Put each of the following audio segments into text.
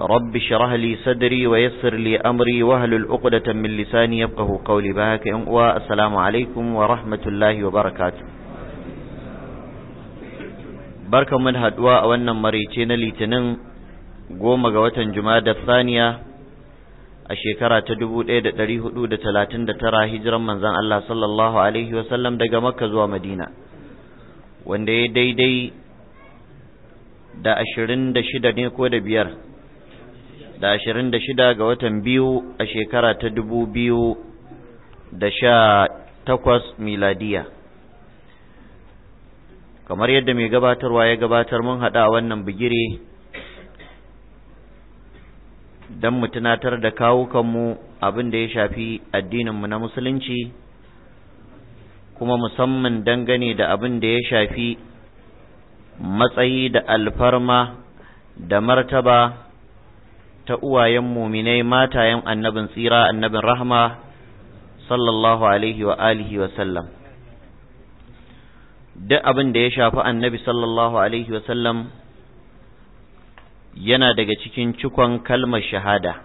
رب شرح لي صدري ويسر لي أمري وهل الأقدة من لساني يبقه قولي بهاك والسلام عليكم ورحمة الله وبركاته بركة من هدواء وانا مريتين لتنن قوم قوة جمادة الثانية الشيكرة تدبو ايدة تريه دودة تلاتين ترى هجرا من زان الله صلى الله عليه وسلم دقا مكة زوا مدينة وان دي دي دي da ashirin da shida ne ko da biyar da ashirin da shida ga watan biyu a shekara ta dubu biyu da sha takwas miladiya kamar yadda mai gabatarwa ya gabatar mun haɗa wannan bigire don mu tunatar da kawukanmu abin da ya shafi addininmu na musulunci kuma musamman dangane da abin da ya shafi matsayi da alfarma da martaba ta uwayen muminai matayen annabin tsira annabin rahma sallallahu alaihi wa alihi wa sallam duk abin da ya shafi annabi sallallahu alaihi wa sallam yana daga cikin cikon kalmar shahada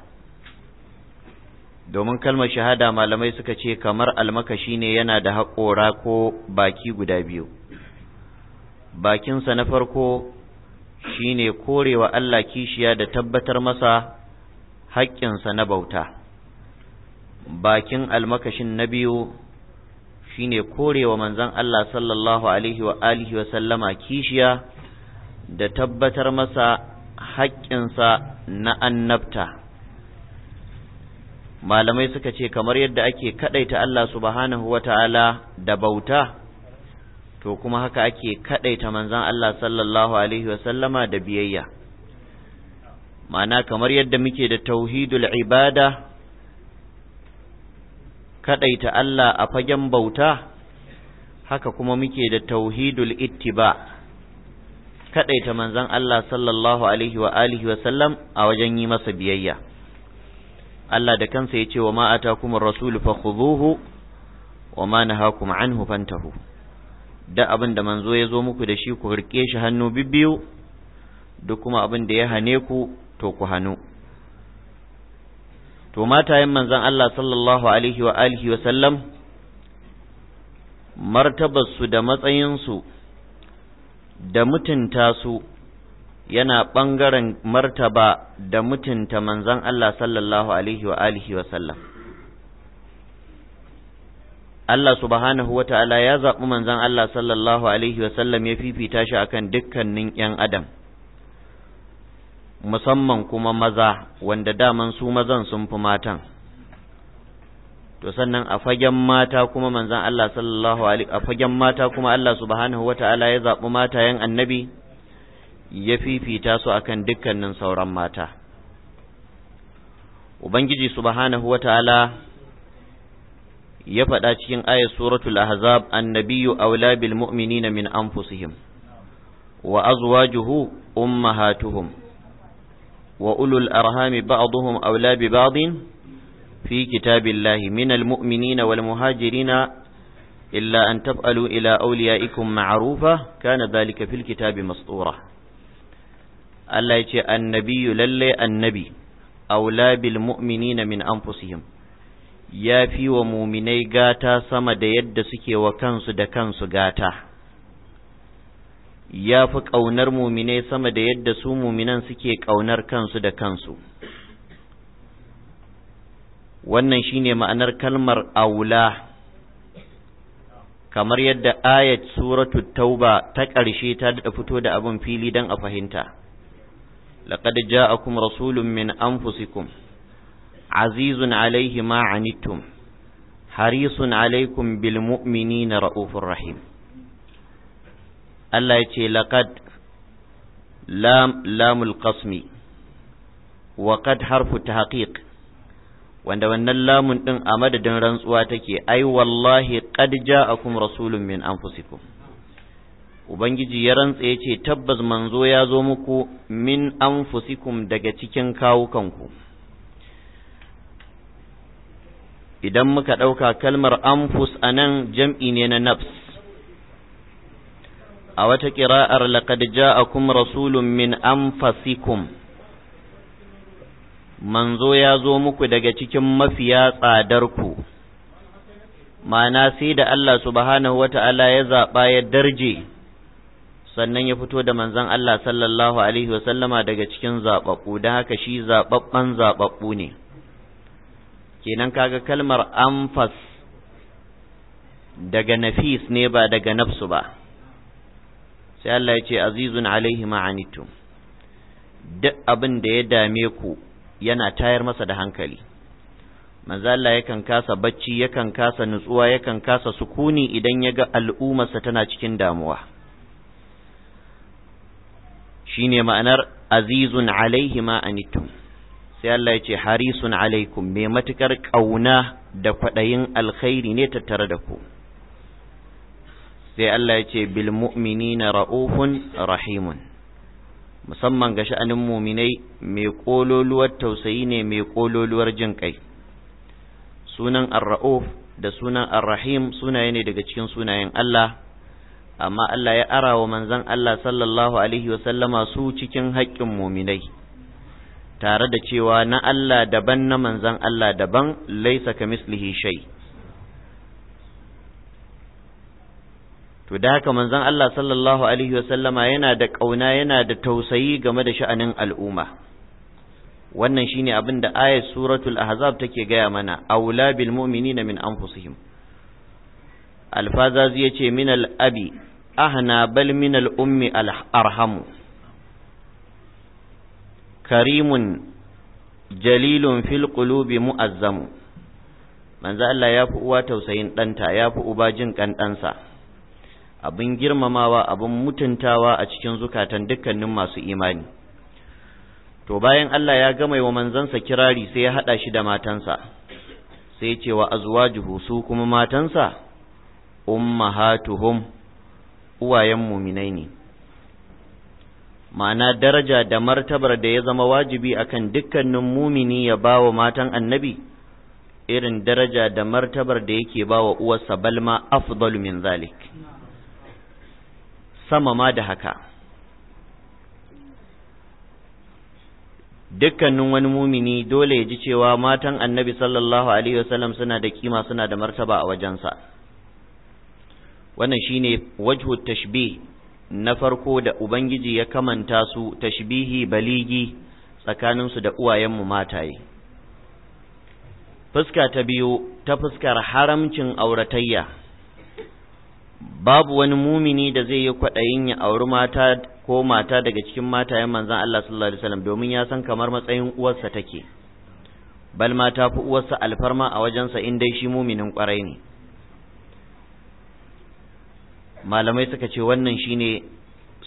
domin kalmar shahada malamai suka ce kamar almakashi ne yana da haƙora ko baki guda biyu bakinsa na farko Shi shine korewa Allah kishiya da tabbatar masa haƙƙinsa na bauta bakin almakashin na biyu shi shine korewa manzon Allah sallallahu alaihi wa alihi wa sallama kishiya da tabbatar masa haƙƙinsa na annabta malamai suka ce kamar yadda ake kaɗaita Allah subhanahu wa ta'ala da bauta to kuma haka ake kadaita manzon Allah sallallahu alaihi wasallama da biyayya ma'ana kamar yadda muke da tauhidul ibada kadaita Allah a fagen bauta haka kuma muke da tauhidul ittiba kadaita manzon Allah sallallahu alaihi wa alihi wa sallam a wajen yi masa biyayya Allah da kansa ya ce wa ma rasul rasulu fakhudhuhu wa ma nahakum anhu fantahu da abin da manzo ya zo muku da shi ku rike shi hannu bibbiyu duk kuma abin da ya hane ku to ku hannu to matayen manzon Allah sallallahu alaihi wa alihi wa sallam martabarsu da matsayinsu da mutunta su yana bangaren martaba da mutunta manzon Allah sallallahu alaihi wa alihi wa sallam Allah subhanahu wa ta'ala ya zaɓi manzan Allah sallallahu alaihi wasallam ya fifita shi akan dukkanin ‘yan adam, musamman kuma maza wanda daman su mazan sun fi matan. To sannan a fagen mata kuma manzan Allah sallallahu alaihi a fagen mata kuma Allah subhanahu wa ta'ala ya zaɓi mata ‘yan annabi ya fifita su akan dukkanin sauran mata. Ubangiji subhanahu wa ta'ala ya faɗa cikin ayat suratul ahzab annabiyyu aula bil mu'minina min anfusihim wa azwajuhu ummahatuhum wa ulul arhami ba'dhum aula bi ba'din fi kitabillahi min al mu'minina wal muhajirina illa an taf'alu ila awliyaikum ma'rufa kana dhalika fil kitabi mastura Allah ya ce annabiyyu lalle annabi aula bil mu'minina min anfusihim ya fi wa muminai gata sama da yadda suke wa kansu da kansu gata ya fi ƙaunar muminai sama da yadda su muminan suke ƙaunar kansu da kansu wannan shine ma'anar kalmar aula kamar yadda ayat suratu tauba ta ƙarshe ta daɗa fito da abin fili don a fahimta laqad ja'akum rasulun min anfusikum azizun alaihi ما عنتم harisun alaikum بالمؤمنين رؤوف rahim Allah لقد ce لام القسم lamul حرف wa harfu wanda wannan lamun din a madadin rantsuwa take ai wallahi qad ja'akum rasulun min anfusikum ubangiji ya rantsa yace tabbas manzo ya zo muku min anfusikum daga cikin kawukanku idan muka ɗauka kalmar anfus a nan jam'i ne na nafs a wata ƙira'ar a ja'akum rasulun min anfasikum manzo ya zo muku daga cikin mafiya tsadarku ma'ana sai da Allah subhanahu ta’ala ya zaɓa ya darje sannan ya fito da manzan Allah sallallahu alaihi wasallama daga cikin zaɓaɓɓu don haka shi zaɓaɓɓen zaɓaɓɓu ne kenan kaga kalmar anfas daga nafis ne ba daga nafsu ba sai Allah ya ce azizun alaihi ma'anitum duk abin da ya dame ku yana tayar masa da hankali manzo Allah yakan kasa bacci yakan kasa nutsuwa yakan kasa sukuni idan ya ga al'ummarsa tana cikin damuwa shine ma'anar azizun alaihi ma'anitum sai Allah ya ce harisun alaikum mai matukar ƙauna da kwaɗayin alkhairi ne tattare da ku sai Allah ya ce bil mu'minina ra'ufun rahimun musamman ga sha'anin muminai mai ƙololuwar tausayi ne mai ƙololuwar jin kai sunan ar-ra'uf da sunan ar-rahim sunaye ne daga cikin sunayen Allah amma Allah ya arawa wa manzon Allah sallallahu alaihi wa sallama su cikin haƙƙin muminai tare da cewa na Allah daban na manzan Allah daban laisa ka mislihi shai. to da haka manzan Allah sallallahu alaihi wasallama yana da ƙauna yana da tausayi game da sha'anin al'umma wannan shine abin da ayat suratul ahzab take gaya mana aula bil mu'minina min anfusihim alfazazi yace min al abi ahna bal min al ummi al arhamu karimun jalilun fil qulubi mu'azzamu manzo Allah ya fi uwa tausayin ɗanta ya fi uba jin ƙanɗansa. abin girmamawa abin mutuntawa a cikin zukatan dukkanin masu imani to bayan Allah ya gama wa manzansa kirari sai ya haɗa shi da matansa sai ya ce wa azwajuhu su kuma matansa ummahatuhum uwayen muminai ne ma'ana daraja da martabar da ya zama wajibi akan dukkanin mumini ya bawa matan annabi irin daraja da martabar da yake bawa uwarsa balma afdalu min zalik sama ma da haka dukkanin wani mumini dole ya ji cewa matan annabi sallallahu alaihi wasallam suna da kima suna da martaba a wajensa wannan shine wajhu tashbih na farko da ubangiji ya kamanta su tashbihi baligi tsakaninsu da uwayenmu mataye fuska ta biyu ta fuskar haramcin auratayya babu wani mumini da zai yi kwaɗayin ya auri mata ko mata daga cikin matayen manzan Allah sallallahu alaihi wasallam domin ya san kamar matsayin uwarsa take bal mata ta fi uwarsa alfarma a wajensa in dai shi muminin ƙwarai ne malamai suka ce wannan shine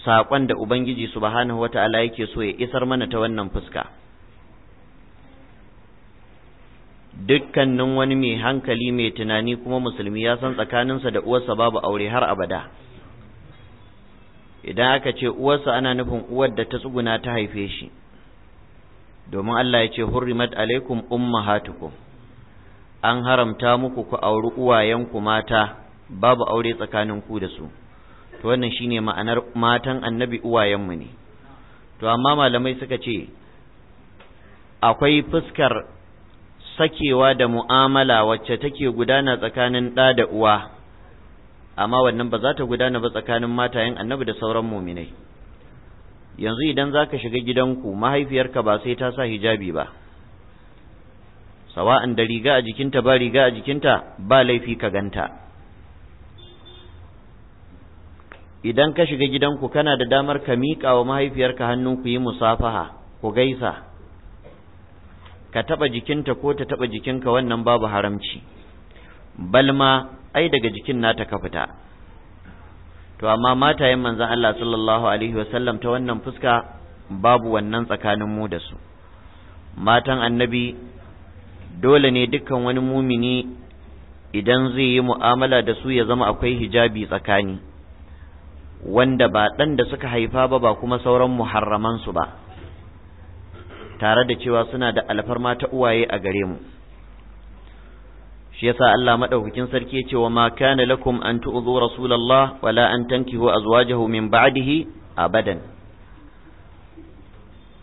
saƙon da ubangiji subhanahu wata'ala yake so ya isar mana ta wannan fuska dukkanin wani mai hankali mai tunani kuma musulmi ya san tsakaninsa da uwarsa babu aure har abada idan aka ce uwarsa ana nufin uwar da ta tsuguna ta haife shi domin Allah ya ce hurrimat alaikum ummahatukum an haramta muku ku auri uwayenku mata babu aure tsakanin ku da su to wannan shine ma'anar matan annabi uwayenmu ne to amma malamai suka ce akwai fuskar sakewa da mu'amala wacce take gudana tsakanin ɗa da uwa amma wannan ba za ta gudana ba tsakanin matayen annabi da sauran muminai yanzu idan za ka shiga gidanku mahaifiyarka ba sai ta sa hijabi ba sawa'an da riga a jikinta ba riga a jikinta ba laifi ka ganta idan ka shiga gidanku kana da damar ka miƙa wa mahaifiyarka hannun ku yi musafaha ku gaisa ka taɓa jikinta ko ta taɓa jikinka wannan babu haramci balma ai daga jikin nata ka fita to amma matayen manzon Allah sallallahu alaihi wasallam ta wannan fuska babu wannan tsakanin mu da su matan annabi dole ne dukkan wani mumini idan zai yi mu'amala da su ya zama akwai hijabi tsakani wanda ba ɗan da suka haifa ba ba kuma sauran muharramansu ba tare da cewa suna da alfarma ta uwaye a gare mu shi yasa Allah madaukakin sarki ya ce wa ma kana lakum an tu'zu rasulullah wala an tankihu azwajahu min ba'dihi abadan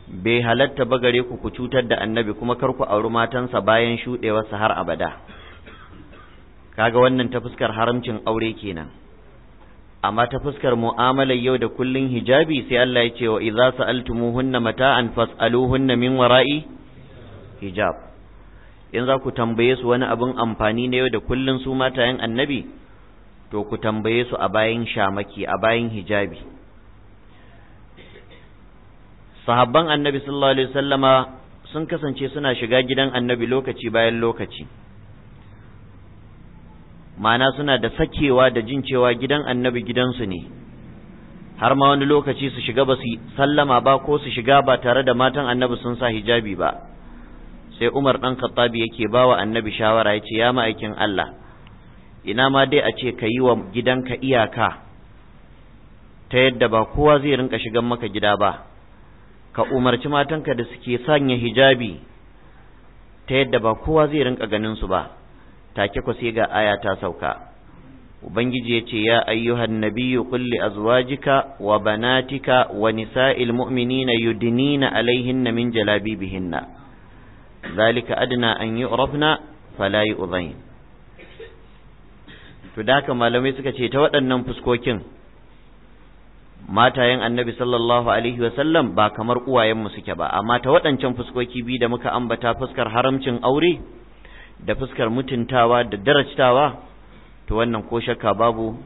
bai halatta ba gare ku ku cutar da annabi kuma kar ku auri matansa bayan shuɗewarsa har abada kaga wannan ta fuskar haramcin aure kenan amma ta fuskar mu'amalar yau da kullun hijabi sai Allah ya ce wa idza sa'altumuhunna mata'an fas'aluhunna min wara'i hijab in za ku tambaye su wani abin amfani na yau da kullun su matayen annabi to ku tambaye su a bayan shamaki a bayan hijabi sahabban annabi sallallahu alaihi wasallama sun kasance suna shiga gidan annabi lokaci bayan lokaci ma'ana suna da sakewa da jin cewa gidan annabi gidansu ne har ma wani lokaci su shiga ba su sallama ba ko su shiga ba tare da matan annabi sun sa hijabi ba sai umar ɗan khattabi yake ba wa annabi shawara ya ce ya ma'aikin allah ina ma dai a ce ka yi wa gidanka iyaka ta yadda ba kowa zai rinka shigan maka gida ba ka umarci matanka da suke sanya hijabi ta yadda ba kowa zai rinka ganin su ba take ku sai ga aya ta sauka ubangiji ya ce ya ayyuhan nabiyyu qul li azwajika wa banatika wa nisa'il mu'minina yudnina alaihinna min jalabibihinna zalika adna an yu'rafna fala yu'dhain to da haka malamai suka ce ta waɗannan fuskokin matayen annabi sallallahu alaihi wa sallam ba kamar uwayenmu suke ba amma ta waɗancan fuskoki biyu da muka ambata fuskar haramcin aure da fuskar mutuntawa da darajtawa to wannan ko shakka babu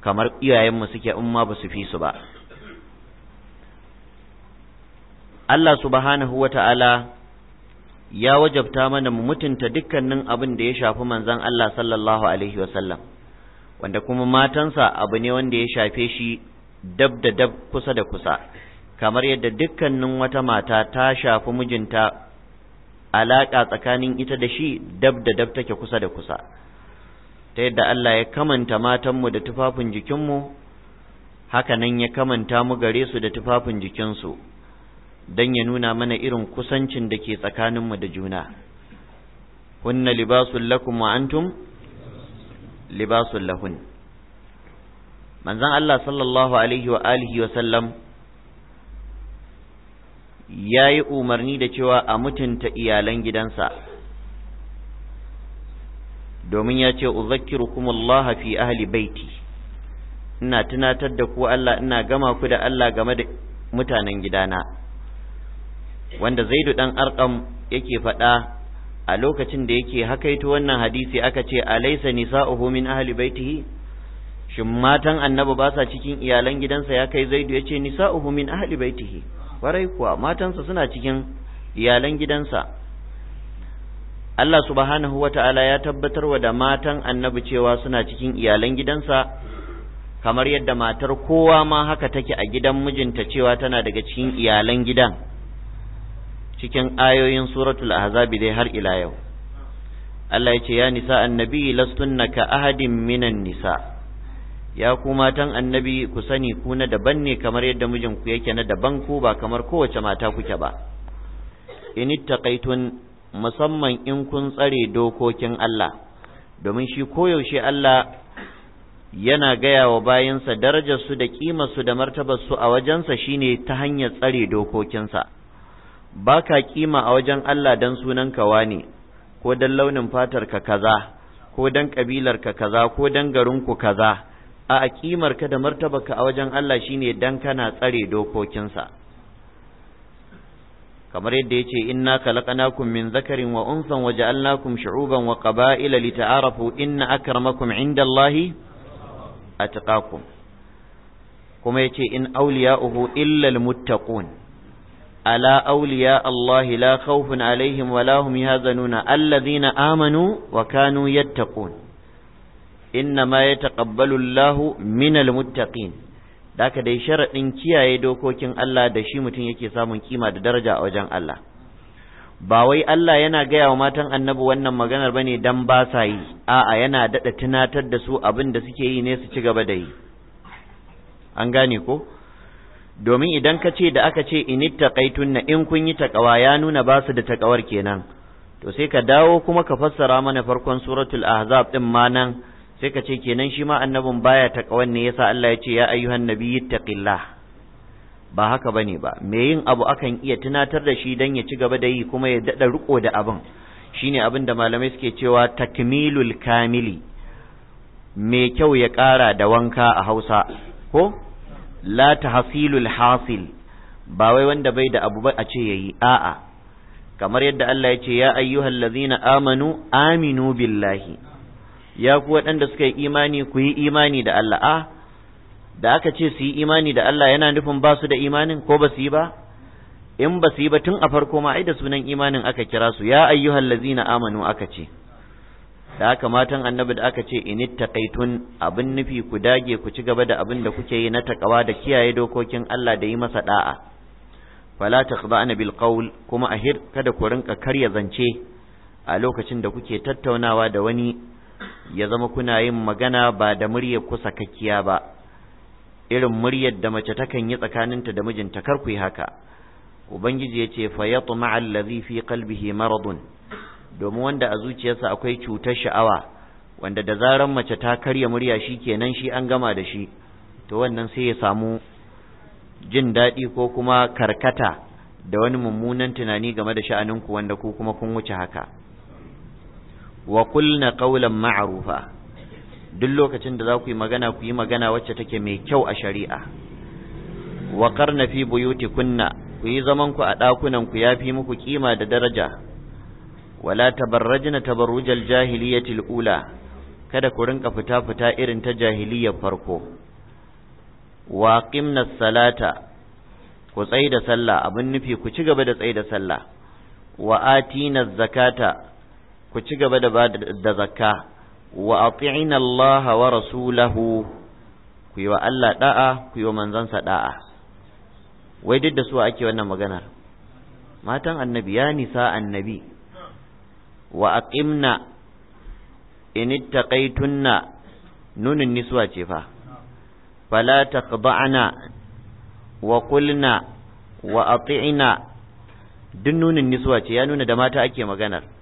kamar iyayenmu suke in ma ba su fi su ba Allah subhanahu wa ta'ala ya wajabta mana mu mutunta dukkanin abin da ya shafi manzon Allah sallallahu Alaihi wasallam, wanda kuma matansa abu ne wanda ya shafe shi dab da dab kusa da kusa, kamar yadda dukkanin wata mata ta shafi mijinta alaƙa tsakanin ita da shi dab da dab take kusa da kusa ta yadda Allah ya kamanta matanmu da tufafin jikinmu haka nan ya kamanta mu gare su da tufafin jikinsu don ya nuna mana irin kusancin da ke tsakaninmu da juna hunna libasun lakum wa antum libasun lahun manzon Allah sallallahu alaihi wa wa sallam ya yi umarni da cewa a mutunta iyalan gidansa domin ya ce kuma Allah fi ahli baiti ina tunatar da ku Allah ina gama ku da Allah game da mutanen gidana wanda zaidu ɗan arkam yake faɗa a lokacin da yake hakaito wannan hadisi aka ce alaysa nisa'uhu min ahli baitihi shin matan annabi ba sa cikin iyalan gidansa ya kai zaidu yace nisa'uhu min ahli baitihi kwarai kuwa matansa suna cikin iyalan gidansa Allah subhanahu Ta'ala ya tabbatar tabbatarwa da matan annabi cewa suna cikin iyalan gidansa kamar yadda matar kowa ma haka take a gidan mijinta cewa tana daga cikin iyalan gidan cikin ayoyin suratul ahzabi dai har ila yau Allah ya ce ya nisa annabi lastunna ka ahadin minan nisa' ya ku matan annabi ku sani ku na daban ne kamar yadda mijinku yake na daban ku ba kamar kowace mata kuke ba in taqaitun musamman in kun tsare dokokin Allah domin shi koyaushe Allah yana gaya wa bayansa su da ƙimarsu da martabar su a wajensa shine ta hanyar tsare dokokinsa ba ka kima a wajen Allah don sunan wani ko dan launin fatar ka kaza ko don ka kaza ko don ku kaza a aƙimar ka da martabarka a wajen Allah shine dan kana tsare dokokinsa kamar yadda ya ce inna khalaqnakum min zakarin wa unsan wa ja'alnakum shu'uban wa qaba'ila lita'arafu inna akramakum 'indallahi atqakum kuma yace in awliya'uhu illa almuttaqun ala awliya Allah la khawfun alaihim wa la hum alladhina amanu wa kanu yattaqun ya yataqabbalu Allahu minal muttaqin ka dai sharaɗin kiyaye dokokin Allah da shi mutum yake samun kima da daraja a wajen Allah ba wai Allah yana gaya wa matan annabi wannan maganar bane dan ba sa yi a'a yana daɗa tunatar da su abin da suke yi ne su ci gaba da yi an gane ko domin idan ka ce da aka ce na in kun yi takawa ya nuna ba su da takawar kenan to sai ka dawo kuma ka fassara mana farkon suratul ahzab din ma nan sai ka ce kenan shi ma annabin baya ta kawan ne yasa Allah ya ce ya ayyuhan nabiyyi taqillah ba haka bane ba me yin abu akan iya tunatar da shi dan ya ci gaba da yi kuma ya dada riko da abin shine abin da malamai suke cewa takmilul kamili me kyau ya kara da wanka a Hausa ko la tahsilul hasil ba wai wanda bai da abu ba a ce yayi a'a kamar yadda Allah ya ce ya ayyuhallazina amanu aminu billahi ya ku waɗanda suka yi imani ku yi imani da Allah a ah, da aka ce su yi imani da Allah yana nufin ba su da imanin ko ba su yi ba in ba su yi ba tun a farko ma ai da sunan imanin aka kira su ya ayyuhal ladzina amanu aka ce da aka matan annabi da aka ce inittaqaitun abin nufi ku dage ku ci gaba da abin da kuke yi na takawa da kiyaye dokokin Allah da yi masa da'a fala taqba'na bil qawl kuma ahir kada ku rinka karya zance a lokacin da kuke tattaunawa da wani ya zama kuna yin magana ba da muryar kusa kakkiya ba irin muryar da mace takan yi tsakaninta da mijinta kar ku yi haka ubangiji ya ce fa yatma allazi fi qalbihi maradun domin wanda a zuciyarsa akwai cutar sha'awa wanda da zaran mace ta karya murya shi kenan shi an gama da shi to wannan sai ya samu jin daɗi ko kuma karkata da wani mummunan tunani game da sha'aninku wanda ku kuma kun wuce haka wa kulna qawlan ma'rufa duk lokacin da za ku yi magana ku yi magana wacce take mai kyau a shari'a wa qarna fi buyutikunna ku yi zaman ku a ɗakunan ku fi muku kima da daraja wala tabarrajna tabarrujal jahiliyyati ula kada ku rinka fita fita irin ta jahiliyar farko wa qimna salata ku tsaida sallah abin nufi ku ci gaba da tsaida sallah wa atina zakata ku ci gaba da da zakka wa ati'ina Allah wa rasulahu ku yi wa Allah da'a ku yi wa manzansa da'a wai duk da su ake wannan maganar matan annabi ya nisa annabi wa aqimna in ittaqaytunna nunin niswa ce fa fala taqba'na wa qulna wa ati'na duk nunin niswa ce ya nuna da mata ake maganar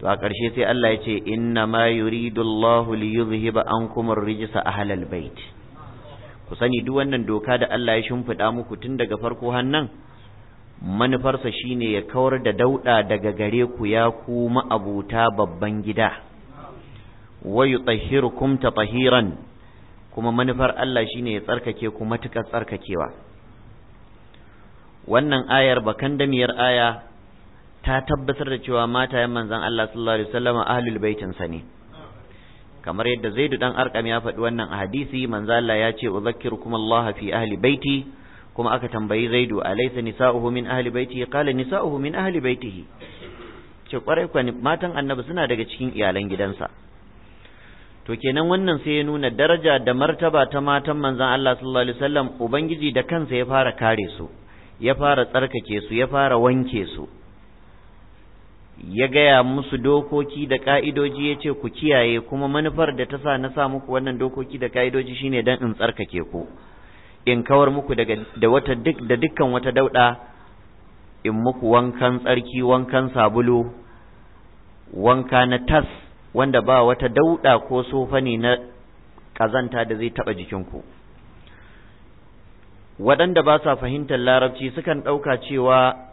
to a ƙarshe sai Allah ya ce inna ma yuridu Allahu li yuzhiba ankum ar-rijsa al bait ku sani duk wannan doka da Allah ya shimfiɗa muku tun daga farko hannan manufarsa shine ya kawar da dauda daga gare ku ya ku ma'abuta babban gida wa yutahhirukum tatahiran kuma manufar Allah shine ya tsarkake ku matukar tsarkakewa wannan ayar bakandamiyar aya ta tabbatar da cewa matayen manzon Allah sallallahu alaihi wasallam ahlul baitin sa ne kamar yadda Zaidu dan Arqam ya faɗi wannan a hadisi manzo Allah ya ce uzakkirukum Allah fi ahli baiti kuma aka tambayi Zaidu alaysa nisa'uhu min ahli baitihi qala nisa'uhu min ahli baitihi ce kwarai kwa matan annabi suna daga cikin iyalan gidansa to kenan wannan sai ya nuna daraja da martaba ta matan manzon Allah sallallahu alaihi wasallam ubangiji da kansa ya fara kare su ya fara tsarkake su ya fara wanke su ya gaya musu dokoki da ka'idoji ya ce ku kiyaye kuma manufar da ta sa na sa muku wannan dokoki da ka'idoji shine dan in tsarkake ku in kawar muku daga da wata dukkan wata dauɗa in muku wankan tsarki wankan sabulu wanka na tas wanda ba wata dauɗa ko sofani na ƙazanta da zai taba jikinku waɗanda ba sa fahimtar larabci sukan ɗauka cewa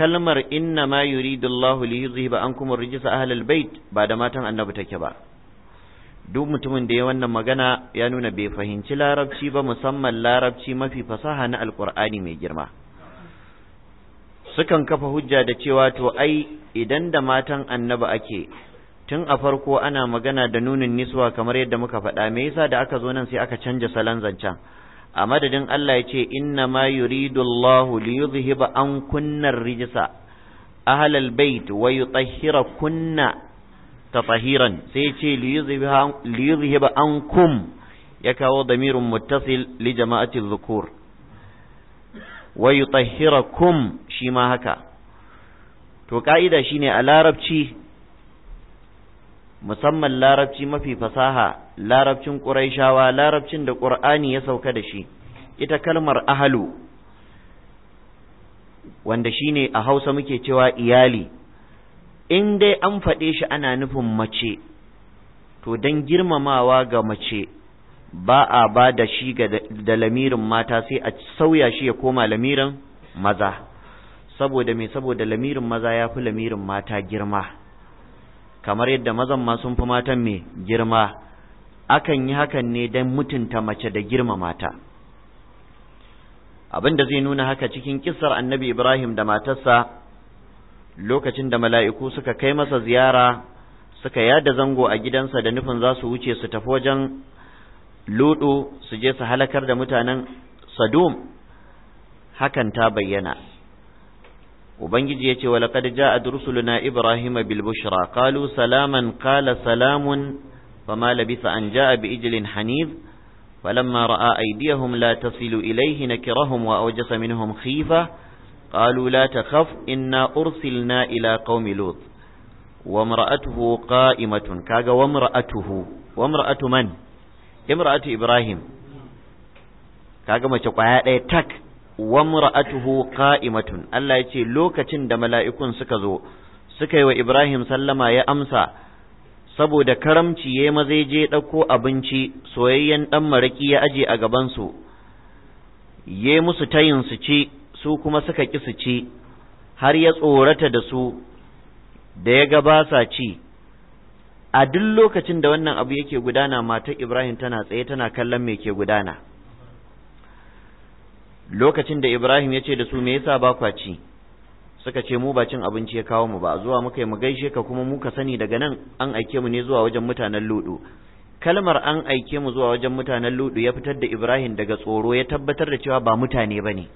kalmar inna ma yuridullahu li yuzhiba ankum ar-rijsa ahlal bait ba da matan annabi take ba duk mutumin da ya wannan magana ya nuna bai fahimci larabci ba musamman larabci mafi fasaha na alqur'ani mai girma sukan kafa hujja da cewa to ai idan da matan annabi ake tun a farko ana magana da nunin niswa kamar yadda muka faɗa me yasa da aka zo nan sai aka canja salon zancen a madadin Allah ya ce inna ma yuridu Allahu li yuzhiba an kunna rijsa ahlal bait wa yutahhira kunna tatahiran sai ya ce li yuzhiba an kum ya kawo damirun muttasil li jama'ati dhukur wa kum shi ma haka to ka'ida shine a larabci musamman larabci mafi fasaha larabcin ƙuraishawa larabcin da ƙur'ani ya sauka da shi ita kalmar ahalu wanda shine a hausa muke cewa iyali in dai an faɗe shi ana nufin mace to don girmamawa ga mace ba a ba da shi da lamirin mata sai a sauya shi ya koma lamirin maza saboda me saboda lamirin maza ya fi lamirin mata girma kamar yadda mazan ma sun fi matan mai girma akan yi hakan ne don mutunta mace da girmamata. mata abin da zai nuna haka cikin kissar annabi ibrahim da matarsa lokacin da mala'iku suka kai masa ziyara suka yada zango a gidansa da nufin za su wuce su tafi wajen ludu su je su halakar da mutanen sadum hakan ta bayyana ubangiji yace wa laqad ja'a rusuluna ibrahima bil bushra qalu salaman qala salamun fama labisa an ja'a bi ijlin hanif فلما رأى أيديهم لا تصل إليه نكرهم وأوجس منهم خيفة قالوا لا تخف إنا أرسلنا إلى قوم لوط وامرأته قائمة كاغا وامرأته وامرأة من امرأة إبراهيم كاغا ما تقعد تك wa mura'atuhu qa'imatun Allah yace lokacin da mala'ikun suka zo suka yi wa Ibrahim sallama ya amsa saboda karamci ya maza je ɗauko abinci soyayyen ɗan maraki ya aje a gabansu ya musu tayin su ci su kuma suka ƙi su ci har ya tsorata da su da ya ga ba sa ci a duk lokacin da wannan abu yake gudana matar Ibrahim tana tsaye tana kallon me ke gudana lokacin da Ibrahim ya ce da su me yasa ba kwa ci suka ce mu ba cin abinci ya kawo mu ba zuwa muka yi mu gaishe ka kuma mu ka sani daga nan an aike mu ne zuwa wajen mutanen ludu kalmar an aike mu zuwa wajen mutanen ludu ya fitar da Ibrahim daga tsoro ya tabbatar da cewa ba mutane ba ne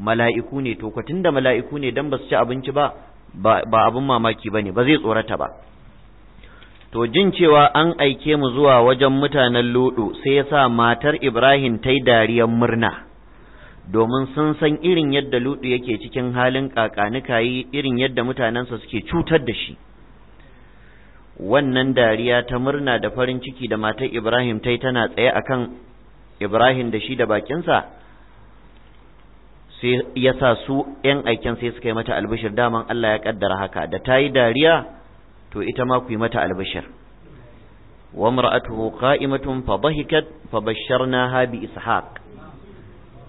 mala'iku ne to kwatin da mala'iku ne dan ba su ci abinci ba ba abin mamaki ba ne ba zai tsorata ba to jin cewa an aike mu zuwa wajen mutanen ludu sai ya sa matar Ibrahim ta yi dariyar murna domin sun san irin yadda lutu yake cikin halin kakanikayi irin yadda mutanensa suke cutar da shi wannan dariya ta murna da farin ciki da matar ibrahim ta tana tsaye akan ibrahim da shi da bakinsa sai ya sa su 'yan aikin sai suka yi mata albishir daman allah ya kaddara haka da ta dariya to ita ma ku yi mata albishir wa mar'atuhu qa'imatun fa dhahikat fa basharnaha bi ishaq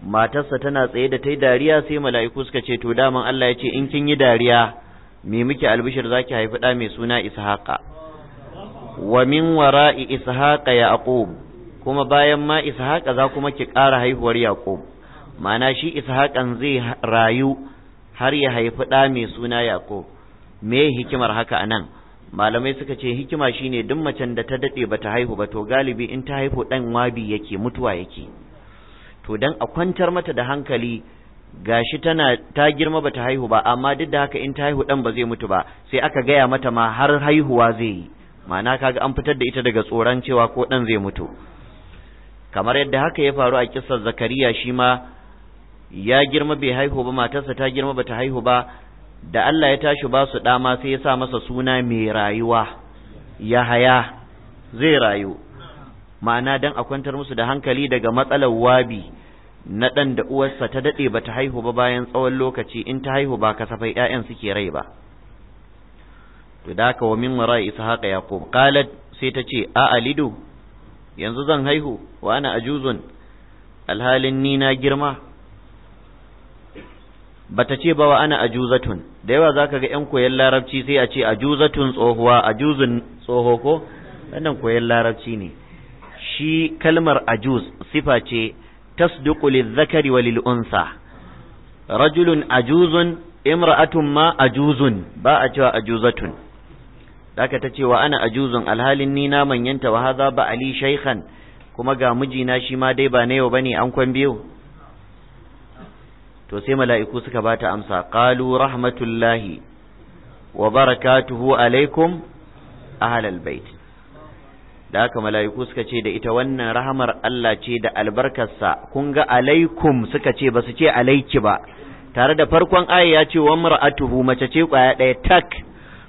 matarsa tana tsaye da ta yi dariya sai mala'iku suka ce to daman Allah ya ce in kin yi dariya me miki albishir zaki haifi ɗa mai suna ishaqa wa min wara'i ishaqa yaqub kuma bayan ma ishaqa za kuma ki ƙara haihuwar yaqub ma'ana shi ishaqan zai rayu har ya haifi ɗa mai suna yaqub me hikimar haka anan malamai suka ce hikima shine duk macen da ta daɗe bata haihu ba to galibi in ta haihu ɗan wabi yake mutuwa yake to dan a kwantar mata da hankali gashi tana ta girma bata haihu ba amma duk da haka in ta haihu dan ba zai mutu ba sai aka gaya mata ma har haihuwa zai yi ma'ana kaga an fitar da ita daga tsoron cewa ko dan zai mutu kamar yadda haka ya faru a kissar zakariya shi ma ya girma bai haihu ba matarsa ta girma bata haihu ba da Allah ya tashi ba su dama sai ya sa masa suna mai rayuwa Yahaya zai rayu ma'ana dan a kwantar musu da hankali daga matsalar wabi na ɗan da uwarsa ta daɗe ba ta haihu ba bayan tsawon lokaci in ta haihu ba kasafai ‘ya'yan suke rai ba to da ka wa min mara ya yaqub qalat sai ta ce a alidu yanzu zan haihu wa ana ajuzun alhalin ni na girma bata ce ba wa ana ajuzatun da yawa zaka ga yan koyon larabci sai a ce ajuzatun tsohuwa ajuzun tsoho ko wannan koyon larabci ne shi kalmar ajuz sifa ce tasduqu lizzakari wa lil rajulun ajuzun imra'atun ma ajuzun ba a cewa ajuzatun daka ta ce wa ana ajuzun alhalin ni na manyanta wa hadha ba ali shaykhan kuma ga mijina shi ma dai ba na yau bane an kwan biyu to sai mala'iku suka bata amsa qalu rahmatullahi wa barakatuhu alaikum ahlal bait da haka mala'iku suka ce da ita wannan rahamar Allah ce da albarkarsa kun ga alaikum suka ce ba su ce alaiki ba tare da farkon aya ya ce wa mar'atuhu mace ce kwaya ɗaya tak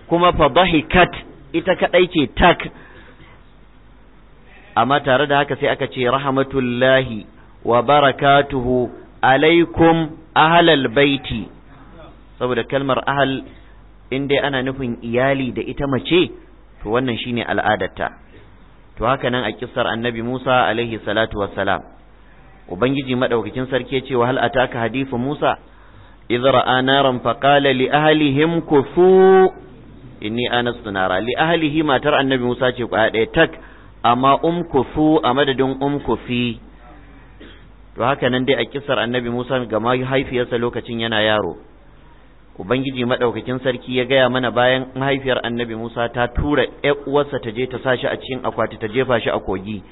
kuma fa kat ita kadai ce tak amma tare da haka sai aka ce rahamatullahi wa barakatuhu alaikum ahlal baiti saboda kalmar ahal indai ana nufin iyali da ita mace to wannan shine al'adarta to haka nan a kissar annabi Musa alaihi salatu wassalam ubangiji madaukakin sarki ce wa hal ataka hadithu Musa idh ra'a naran fa qala li ahlihim kufu inni anastu nara li ahlihi matar annabi Musa ce kwaya ɗaya tak amma um kufu a madadin um kufi to haka nan dai a kissar annabi Musa ga mahaifiyarsa lokacin yana yaro ubangiji madaukakin sarki ya gaya mana bayan mahaifiyar annabi Musa ta tura ƴar uwarsa ta je ta sashi a cikin akwati ta jefa shi a kogi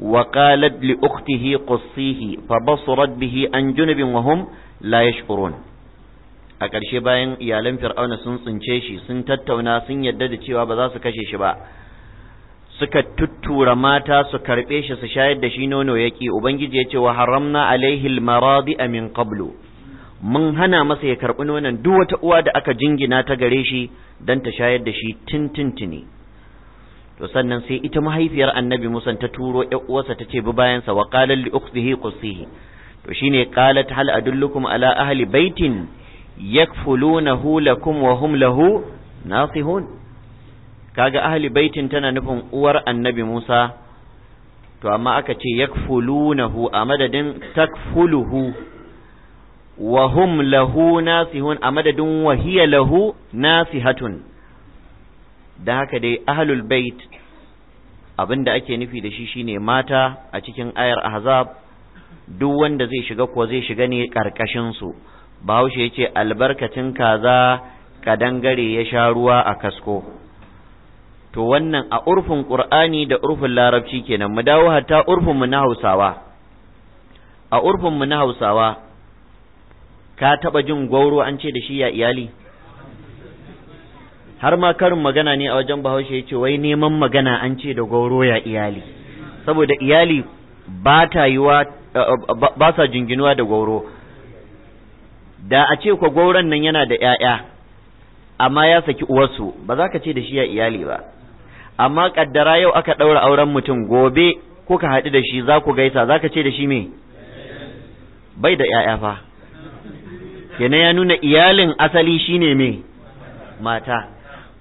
wa qalat li ukhtihi qussihi fa basurat bihi an junubin wa hum la yashkurun a ƙarshe bayan iyalan fir'auna sun tsince shi sun tattauna sun yadda da cewa ba za su kashe shi ba suka tuttura mata su karɓe shi su shayar da shi nono yaki ubangiji ya ce wa haramna alaihi almaradi min qablu mun hana masa ya karɓi nonon duk wata uwa da aka jingina ta gare shi don ta shayar da shi tintintini to sannan sai ita mahaifiyar annabi musan ta turo ƴan uwarsa ta ce bi bayansa wa qala li ukhtihi qussihi to shine qalat hal adullukum ala ahli baitin yakfulunahu lakum wa hum lahu nasihun kaga ahli baitin tana nufin uwar annabi Musa to amma aka ce yakfulunahu a madadin takfuluhu wa hum lahu nasihun a madadin wa hiya lahu nasihatun da haka dai ahlul bait abinda ake nufi da shi shine mata a cikin ayar ahzab duk wanda zai shiga ko zai shiga ne karkashin su bahaushe yace albarkacin kaza kadangare ya sha ruwa a kasko to wannan a urfin qur'ani da urfin larabci kenan mu dawo hatta urfin mu na hausawa a urfin mu na hausawa ka taba jin gwauro an ce da shi ya iyali har ma karin magana ne a wajen bahaushe ya ce wai neman magana an ce da gwauro ya iyali saboda iyali ba ta wa ba sa jinginuwa da gwauro da a ce kwa gwauron nan yana da 'ya'ya amma ya saki uwarsu ba za ka ce da shi ya iyali ba amma kaddara yau aka ɗaura auren mutum gobe kuka haɗu da shi za ku gaisa za ka ce da shi me bai da 'ya'ya fa kenan ya nuna iyalin asali shine me mata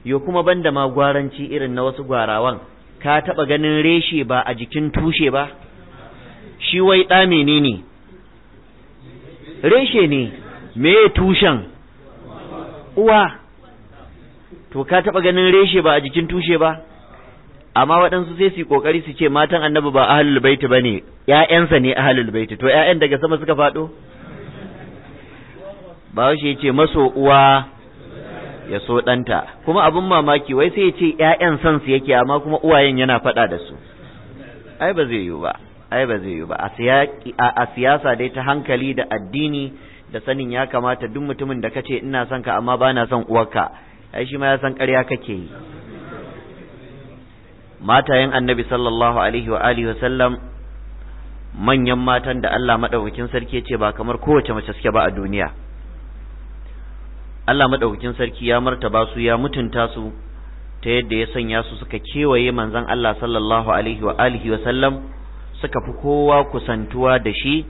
yo kuma banda ma irin na wasu gwarawan ka taba ganin reshe ba a jikin tushe ba shi wai ɗa menene reshe ne me tushen uwa to ka taba ganin reshe ba a jikin tushe ba amma waɗansu sai su kokari su ce matan annabi ba ahlul baiti bane ƴaƴansa ne ahlul baiti to ƴaƴan daga sama suka faɗo ba shi ce maso uwa ya so ɗanta kuma abin mamaki wai sai ya ce ‘ya'yan son su yake amma kuma uwayen yana faɗa da su ai ba zai yiwu ba ai ba zai yiwu ba a siyasa dai ta hankali da addini da sanin ya kamata duk mutumin da kace ina son ka amma bana son uwarka ai shi ma ya san ƙarya kake yi matayen annabi sallallahu alaihi wa alihi sallam manyan matan da Allah madaukakin sarki ya ce ba kamar kowace mace suke ba a duniya Allah madaukakin sarki ya martaba su ya mutunta su ta yadda ya sanya su suka kewaye manzon Allah sallallahu alaihi wa alihi wa sallam suka fi kowa kusantuwa da shi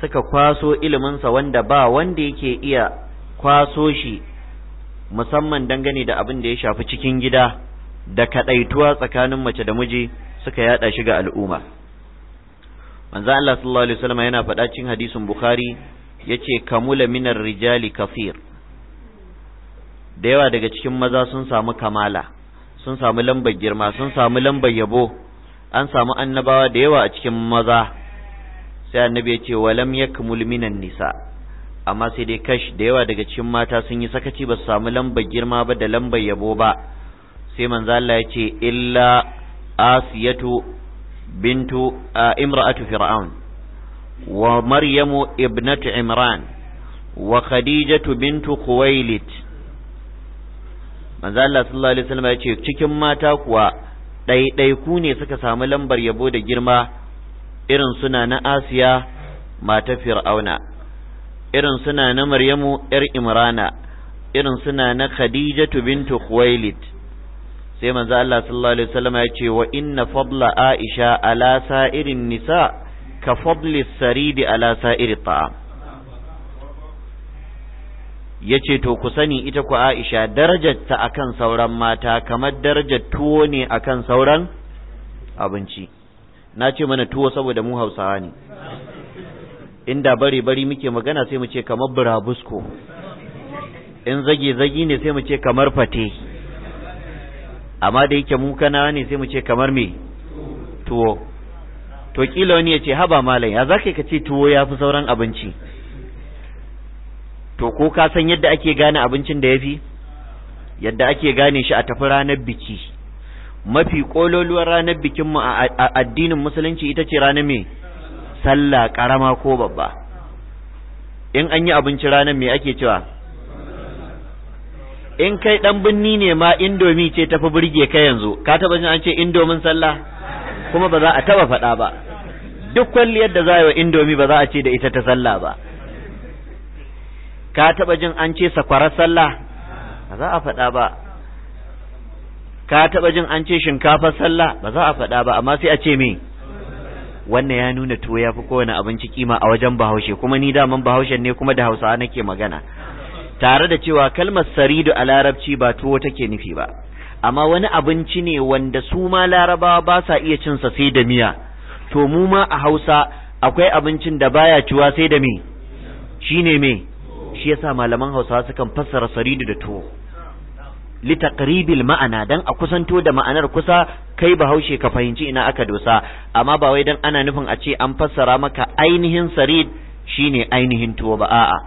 suka kwaso iliminsa wanda ba wanda yake iya kwaso shi musamman dangane da abin da ya shafi cikin gida da kadaituwa tsakanin mace da miji suka yada shi ga al'umma manzon Allah sallallahu alaihi wa sallam yana faɗa cikin hadisin Bukhari yace kamula minar rijali kafir da yawa daga cikin maza sun samu kamala sun samu lambar girma sun samu lambar yabo an samu annabawa da yawa a cikin maza sai annabi ya ce walam yakmul minan nisa amma sai dai kash da yawa daga cikin mata sun yi sakaci ba su samu lambar girma ba da lambar yabo ba sai manzo Allah ya ce illa asiyatu bintu imra'atu fir'aun wa maryamu ibnatu imran wa khadijatu bintu khuwailid manzo Allah sallallahu alaihi wasallam ya ce cikin mata kuwa ɗaiɗaiku ne suka samu lambar yabo da girma irin suna na Asiya mata Fir'auna irin suna na Maryamu ƴar Imrana irin suna na Khadijatu bintu Khuwailid sai manzo Allah sallallahu alaihi wasallam ya ce wa inna fadla Aisha ala sa'irin nisa ka fadli saridi ala sa'iri ta'am yace to ku sani ita ku Aisha darajarta akan sauran mata kamar darajar tuwo ne akan sauran abinci na ce mana tuwo saboda mu Hausawa ne inda bare bari muke magana sai mu ce kamar burabusko in zage zagi ne sai mu ce kamar fate amma da yake mu kana ne sai mu ce kamar me tuwo to kila wani ya ce haba malam ya zaka ka ce tuwo ya fi sauran abinci to ko ka san yadda ake gane abincin da ya fi yadda ake gane shi a tafi ranar biki mafi kololuwar ranar bikinmu a addinin musulunci ita ce ranar mai sallah karama ko babba in an yi abinci ranar me ake cewa in kai dan binni ne ma indomi ce tafi burge ka yanzu ka taba jin an ce indomin sallah kuma ba za a taba faɗa ba duk kwalliyar da za a yi wa indomi ba za a ce da ita ta sallah ba ka taɓa jin an ce sakwarar sallah ba za a faɗa ba ka taɓa jin an ce shinkafar sallah ba za a faɗa ba amma sai a ce me wannan ya nuna tuwo ya fi kowane abinci kima a wajen bahaushe kuma ni daman bahaushe ne kuma da hausawa nake magana tare da cewa kalmar saridu a larabci ba tuwo take nufi ba amma wani abinci ne wanda su ma larabawa ba sa iya cin sa sai da miya to mu ma a hausa akwai abincin da baya ciwa sai da me shine me shi yasa malaman hausa sukan fassara saridu da tuwo li taqribil ma'ana dan a kusanto da ma'anar kusa kai bahaushe ka fahimci ina aka dosa amma ba wai dan ana nufin a ce an fassara maka ainihin sarid shine ainihin tuwo ba a'a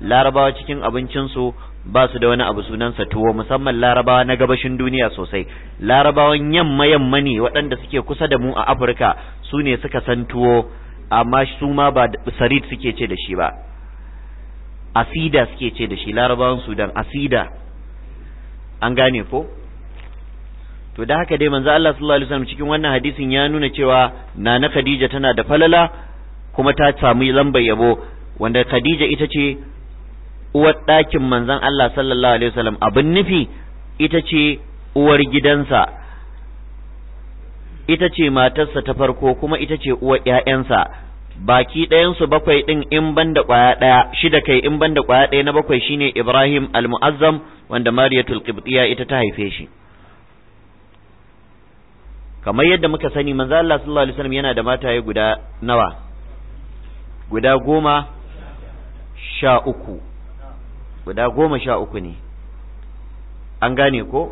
larabawa cikin abincinsu ba su da wani abu sunansa tuwo musamman larabawa na gabashin duniya sosai larabawan yamma yamma ne waɗanda suke kusa da mu a afirka su ne suka san tuwo amma su ma ba sarid suke ce da shi ba asida suke ce da shi larabawan sudan asida an gane ko to da haka dai manzo Allah sallallahu alaihi wasallam cikin wannan hadisin ya nuna cewa nana Khadija tana da falala kuma ta samu lambar yabo wanda Khadija ita ce uwar ɗakin manzon Allah sallallahu alaihi wasallam abin nufi ita ce uwar gidansa ita ce matarsa ta farko kuma ita ce uwar ƴaƴansa baki ɗayansu bakwai ɗin in ban da ƙwaya ɗaya shida kai in da ƙwaya ɗaya na bakwai shine Ibrahim al-Mu'azzam wanda Mariyatul qibtiya ita ta haife shi kamar yadda muka sani manzo Allah sallallahu alaihi wasallam yana da mataye guda nawa guda goma sha uku guda goma sha uku ne an gane ko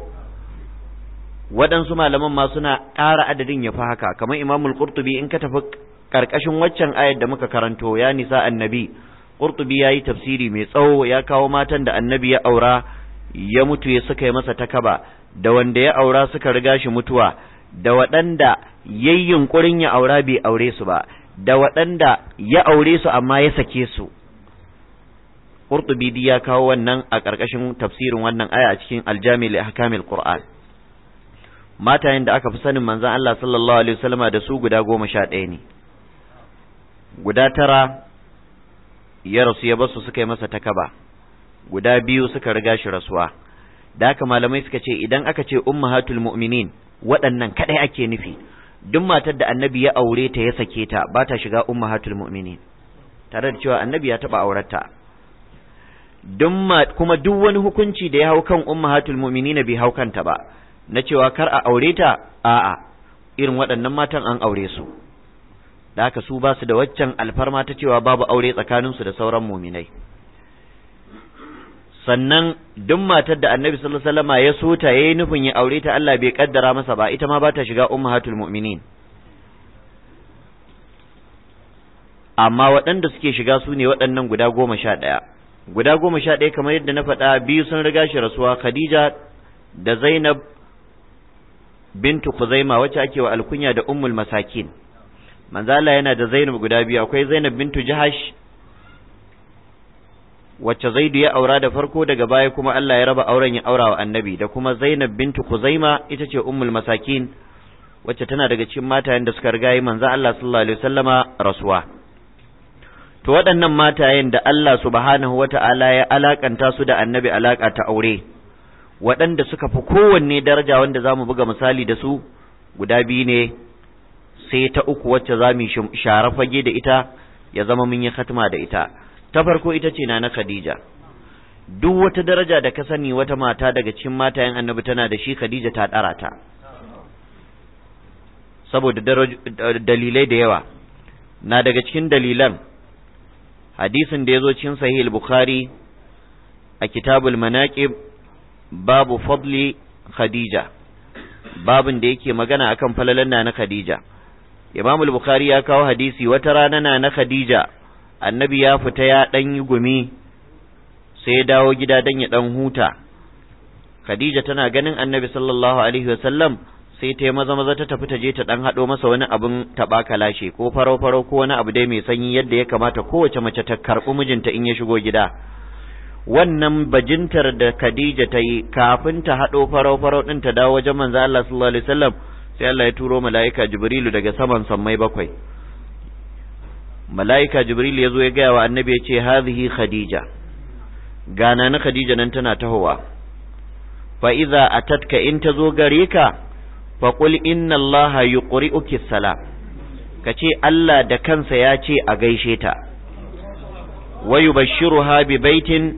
waɗansu malaman ma suna ƙara adadin ya fi haka kamar imamul qurtubi in ka tafi karkashin waccan ayar da muka karanto ya nisa annabi qurtubi yayi tafsiri mai tsawo ya kawo matan da annabi ya aura ya mutu ya suka yi masa takaba da wanda ya aura suka riga shi mutuwa da waɗanda yayi yunƙurin ya aura bai aure su ba da waɗanda ya aure su amma ya sake su Qurtubi ya kawo wannan a ƙarƙashin tafsirin wannan aya a cikin aljami li ahkamil Qur'an matayen da aka fi sanin manzon Allah sallallahu alaihi wasallama da su guda goma sha ɗaya ne guda tara ya rasu ya basu suka yi masa takaba guda biyu suka riga shi rasuwa da haka malamai suka ce idan aka ce ummahatul mu'minin waɗannan kadai ake nufi duk matar da annabi ya aure ta ya sake ta ba ta shiga ummahatul mu'minin tare da cewa annabi ya taɓa aurarta kuma duk wani hukunci da ya hau kan ummahatul mu'minin bai hau kanta ba na cewa kar a aure ta a'a irin waɗannan matan an aure su da haka su ba da waccan alfarma ta cewa babu aure tsakaninsu da sauran muminai sannan duk matar da annabi sallallahu alaihi wasallama ya sota ta yayi nufin ya aure ta Allah bai kaddara masa ba ita ma ba ta shiga ummatul mu'minin amma waɗanda suke shiga su ne waɗannan guda goma sha ɗaya guda goma sha ɗaya kamar yadda na faɗa biyu sun riga shi rasuwa khadija da zainab bintu kuzaima wacce ake wa alkunya da ummul masakin Manzala yana da Zainab guda biyu akwai Zainab bintu Jahash wacce Zaidu ya aura da farko daga baya kuma Allah ya raba auren ya aura wa Annabi da kuma Zainab bintu Kuzaima ita ce ummul masakin wacce tana daga cikin matayen da suka rigayi manzo Allah sallallahu alaihi wasallama rasuwa to waɗannan matayen da Allah subhanahu wata'ala ya alakanta su da Annabi alaka ta aure waɗanda suka fi kowanne daraja wanda zamu buga misali da su guda biyu ne sai ta uku wacce za mu share fage da ita ya zama mun yi khatma da ita ta farko ita ce na na khadija duk wata daraja da ka sani wata mata daga cikin matayen annabi tana da shi khadija ta ɗarata. ta saboda dalilai da yawa na daga cikin dalilan hadisin da ya zo cikin sahih bukhari a kitabul manaqib babu fadli khadija babin da yake magana akan falalan na na khadija Imam al-Bukhari ya kawo hadisi wata rana na na Khadija annabi ya fita ya dan yi gumi sai ya dawo gida dan ya dan huta Khadija tana ganin annabi sallallahu alaihi wa sallam sai ta yi maza maza ta tafi ta je ta dan hado masa wani abin taba kalashe ko farau farau ko wani abu dai mai sanyi yadda ya kamata kowace mace ta karbi mijinta in ya shigo gida wannan bajintar da Khadija ta yi kafin ta hado farau farau din ta dawo wajen manzo Allah sallallahu alaihi sallam sai Allah ya turo mala'ika jibrilu daga saman sammai bakwai mala'ika jibrilu ya zo ya gaya wa annabi ya ce hazihi khadija gana na khadija nan tana tahowa fa iza atatka in ta zo gare ka fa qul inna allaha yuqri'uki salam kace Allah da kansa ya ce a gaishe ta wa yubashshiruha bi baitin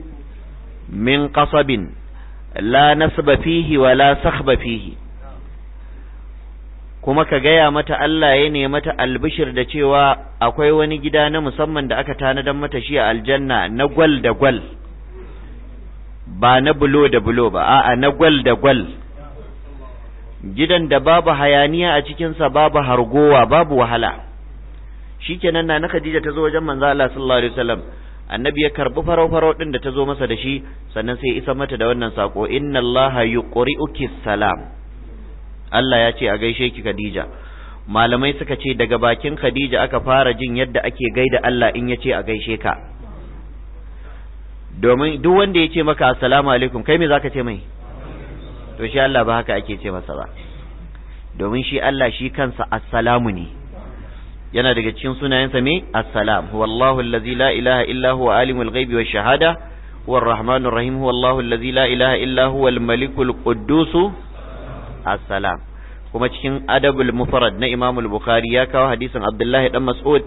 min qasabin la nasba fihi wa la sakhba fihi kuma ka gaya mata Allah ya ne mata albishir da cewa akwai wani gida na musamman da aka tanadar mata shi a aljanna na gwal da gwal ba na bulo da bulo ba a'a na gwal da gwal gidan da babu hayaniya a cikinsa babu hargowa babu wahala shikenan na na Khadija ta zo wajen manzo Allah sallallahu alaihi wasallam annabi ya karbi farau farau din da ta zo masa da shi sannan sai ya isa mata da wannan sako inna Allah yuqri'uki salam Allah ya ce a gaishe ki Khadija malamai suka ce daga bakin Khadija aka fara jin yadda ake gaida Allah in ya ce a gaishe ka domin duk wanda ya ce maka assalamu alaikum kai me zaka ce mai to shi Allah ba haka ake ce masa ba domin shi Allah shi kansa assalamu ne yana daga cikin sunayensa me assalam wallahu allazi la ilaha illa huwa alimul ghaibi wash shahada huwa rahmanur rahim huwa allahu allazi la ilaha illa huwa al malikul quddus assalam kuma cikin adabul mufrad na imamul al-Bukhari ya kawo hadisin Abdullahi dan Mas'ud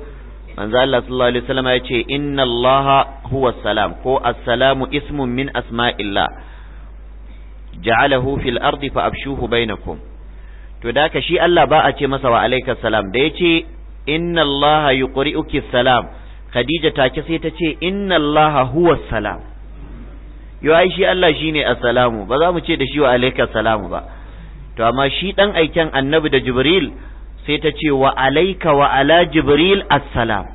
manzo Allah sallallahu alaihi wasallam ya ce inna Allah huwa salam ko assalamu ismun min asma'illah ja'alahu fil ardi fa abshuhu bainaku to da ka shi Allah ba a ce masa wa alaikas salam da yace inna Allah yuqri'uki salam Khadija take sai ta ce inna Allah huwa salam yo ai shi Allah shine assalamu ba za mu ce da shi wa alaikas salamu ba to amma shi dan aiken annabi da jibril sai ta ce wa alaika wa ala jibril assalam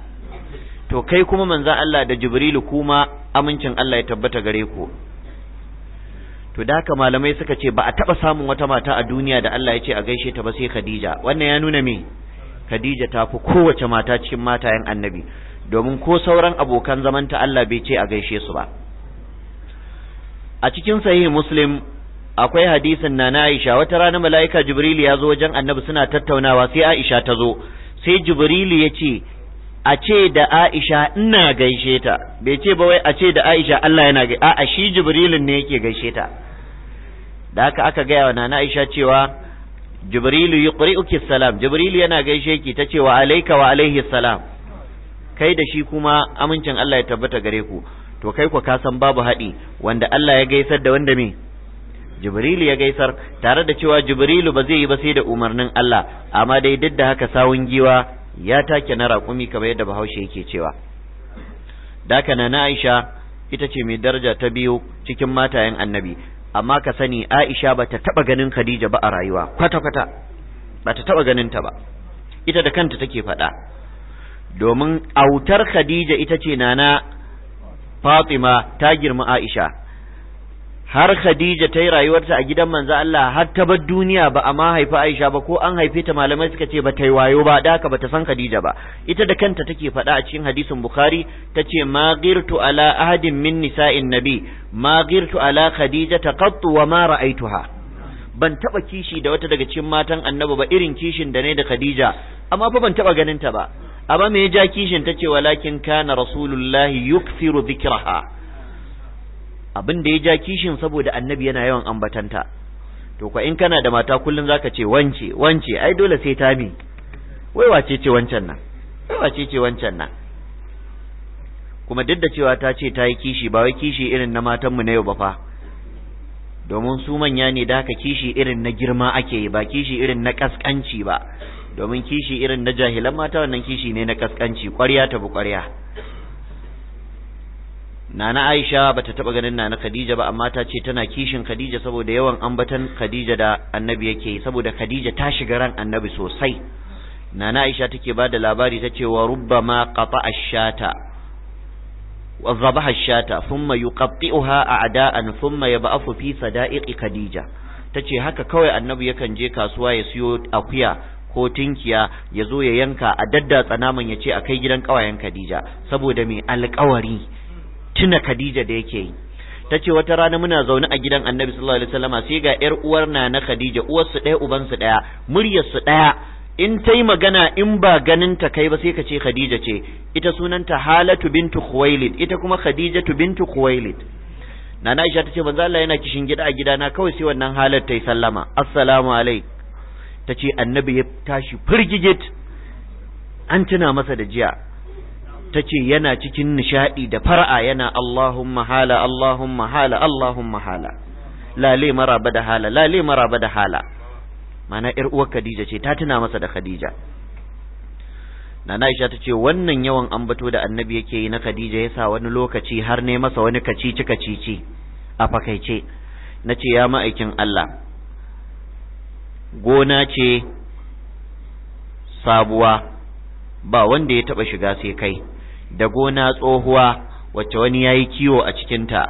to kai kuma manzo Allah da jibril kuma amincin Allah ya tabbata gare ku to da haka malamai suka ce ba a taba samun wata mata a duniya da Allah ya ce a gaishe ta ba sai Khadija wannan ya nuna me Khadija ta fi kowace mata cikin matayen annabi domin ko sauran abokan zaman ta Allah bai ce a gaishe su ba a cikin sahihi muslim akwai hadisin na na Aisha wata rana mala'ika Jibril ya zo wajen Annabi suna tattaunawa sai Aisha ta zo sai Jibrili ya ce a ce da Aisha ina gaishe ta bai ce ba wai a ce da Aisha Allah yana gaishe a'a shi Jibrilin ne yake gaishe ta da haka aka gaya wa Nana Aisha cewa Jibrilu yuqri'uki salam Jibrilu yana gaishe ki ta ce wa alayka wa alayhi salam kai da shi kuma amincin Allah ya tabbata gare ku to kai ku ka san babu haɗi wanda Allah ya gaisar da wanda me jibrilu ya gaisar tare da cewa jibrilu ba zai yi ba sai da umarnin Allah amma dai duk da haka sawun giwa ya take na raƙumi kamar yadda bahaushe yake cewa daka na Aisha ita ce mai daraja ta biyu cikin matayen annabi amma ka sani Aisha ba ta taɓa ganin Khadija ba a rayuwa kwata-kwata ba ta taɓa ganin ta ba ita da kanta take faɗa domin autar Khadija ita ce nana Fatima ta girma Aisha har Khadija ta yi rayuwarta a gidan manzo Allah har ta bar duniya ba a ma haifi Aisha ba ko an haife ta malamai suka ce ba ta yi wayo ba da haka ba ta san Khadija ba ita da kanta take faɗa a cikin hadisin Bukhari tace ce ma ghirtu ala ahadin min nisa'in nabi ma ghirtu ala Khadija ta qattu wa ma ra'aituha ban taba kishi da wata daga cikin matan annabi ba irin kishin da ne da Khadija amma fa ban taba ganin ta ba amma me ya ja kishin ta ce walakin kana rasulullahi yukthiru dhikraha abin da ya ja kishin saboda annabi yana yawan ambatanta to ko in kana da mata kullum zaka ce wance wance ai dole sai ta bi wai wace ce wancan nan wai wace ce wancan nan kuma duk da cewa ta ce ta yi kishi ba wai kishi irin na matanmu na yau ba fa domin su manya ne da haka kishi irin na girma ake yi ba kishi irin na kaskanci ba domin kishi irin na jahilan mata wannan kishi ne na kaskanci kwarya ta bu kwarya. nana Aisha bata taba ganin nana Khadija ba amma ta ce tana kishin Khadija saboda yawan ambatan Khadija da annabi yake saboda Khadija ta shiga ran annabi sosai nana Aisha take ba da labari ta ce wa rubbama qata ash-shata wa dhabaha ash-shata thumma yuqatti'uha a'da'an thumma yab'athu fi sada'iqi Khadija tace haka kawai annabi yakan je kasuwa ya siyo akuya ko tinkiya ya zo ya yanka a daddatsa naman ya ce a kai gidan kawayen Khadija saboda mai alƙawari tuna Khadija da yake yi ta ce wata rana muna zaune a gidan annabi sallallahu alaihi wasallama sai ga yar uwar na na Khadija uwarsu ɗaya ubansu ɗaya muryarsu ɗaya in tai magana in ba ganin ta kai ba sai ka ce Khadija ce ita sunanta Halatu bintu Khuwailid ita kuma Khadija bintu Khuwailid Nana Aisha ta ce Allah yana kishin gida a gidana kawai sai wannan halar ta yi sallama assalamu alaikum ta ce annabi ya tashi firgigit an tuna masa da jiya Ta ce yana cikin nishaɗi da fara'a yana Allahumma hala Allahumma hala Allahumma hala lale maraba da hala lale maraba da hala mana ‘yar’uwar Khadija ce ta tuna masa da Khadija Na Aisha ta ce wannan yawan ambato da annabi yake yi na Khadija ya sa wani lokaci har ne masa wani kacici kacici a fakaice na ce ya ma'aikin Allah gona ce sabuwa ba wanda ya taɓa shiga sai kai da gona tsohuwa wacce wani ya yi kiwo a cikinta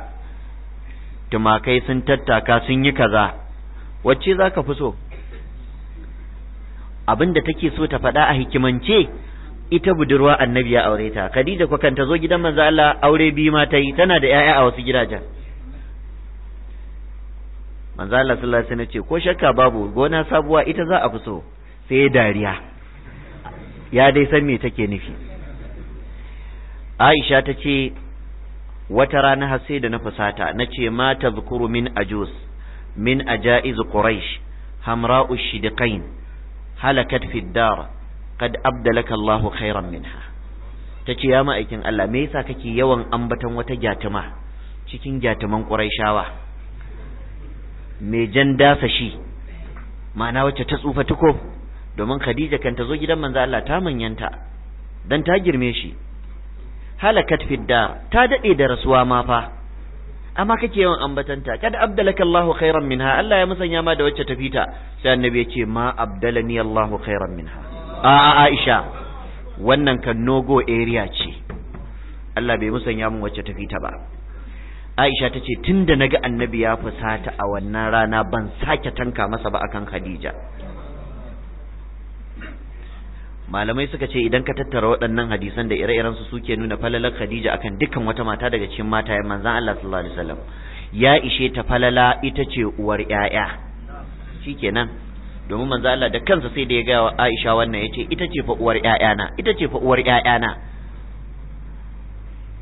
tumakai sun tattaka sun yi kaza wacce za ka fi so abin da take so ta faɗa a hikimance ita budurwa annabi ya aure ta khadija kwa kanta zo gidan manzo Allah aure biyu ma ta tana da 'ya'ya a wasu gidajen manzo Allah sallallahu alaihi wasallam ce ko shakka babu gona sabuwa ita za a fi so sai dariya ya dai san me take nufi aisha ta ce wata rana har da na fusata na ce mata zukuru min a ajus min a jaizu quraish hamra'u shidikain halakat fi kad qad abdalaka Allah khairan minha ce, ya ma'aikin Allah me yasa kake yawan ambatan wata gyatuma cikin gyatuman quraishawa me jan dasa shi ma'ana wacce ta tsufa tuko domin Khadija kan ta zo gidan manzo Allah ta manyanta dan ta girme shi halakat fi dar ta dade da rasuwa ma fa amma kake yawan ambatanta kada abdalaka Allahu khairan minha Allah ya musanya ma da wacce ta fita sai annabi ya ce ma abdalani Allahu khairan minha a Aisha wannan kan nogo area ce Allah bai musanya mun wacce ta fita ba Aisha ta ce tunda naga annabi ya fusata a wannan rana ban sake tanka masa ba akan Khadija malamai suka ce idan ka tattara waɗannan hadisan da ire-iren su suke nuna falalar Khadija akan dukkan wata mata daga cikin matayen manzon Allah sallallahu alaihi wasallam ya ishe ta falala ita ce uwar yaya shikenan domin manzon Allah da kansa sai da ya ga Aisha wannan yace ita ce fa uwar na ita ce fa uwar na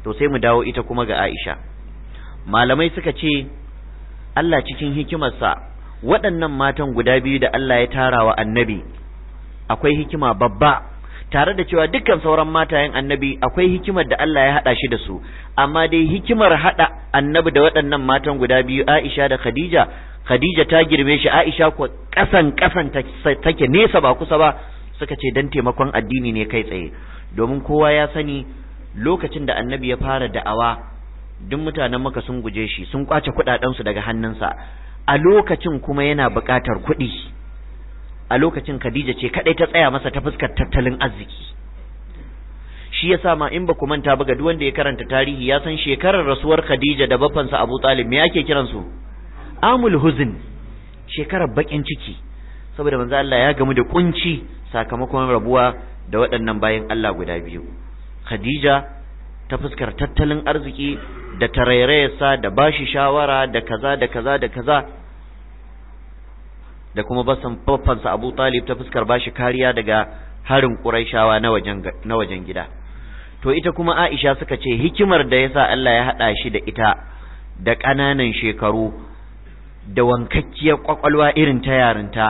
to sai mu dawo ita kuma ga Aisha malamai suka ce Allah cikin hikimarsa waɗannan matan guda biyu da Allah ya tara wa annabi akwai hikima babba tare da cewa dukkan sauran matayen annabi akwai hikimar da Allah ya haɗa shi da su amma dai hikimar haɗa annabi da waɗannan matan guda biyu Aisha da Khadija Khadija ta girme shi Aisha ko kasan kasan take nesa ba kusa ba suka ce dan taimakon addini ne kai tsaye domin kowa ya sani lokacin da annabi ya fara da'awa duk mutanen maka sun guje shi sun kwace kuɗaɗensu daga hannunsa a lokacin kuma yana buƙatar kuɗi a lokacin Khadija ce kadai ta tsaya masa ta fuskar tattalin arziki shi yasa ma in ba ku manta ba ga duwanda wanda ya karanta tarihi ya san shekarar rasuwar Khadija da bafansa Abu Talib me yake kiran su amul huzn shekarar bakin ciki saboda manzo Allah ya gamu da kunci sakamakon rabuwa da waɗannan bayan Allah guda biyu Khadija ta fuskar tattalin arziki da tarairayarsa da bashi shawara da kaza da kaza da kaza da kuma basan fafansa Abu Talib ta fuskar bashi kariya daga harin Qurayshawa na wajen gida to ita kuma Aisha suka ce hikimar da yasa Allah ya haɗa shi da ita da ƙananan shekaru da wankakkiyar ƙwaƙwalwa irin ta yarinta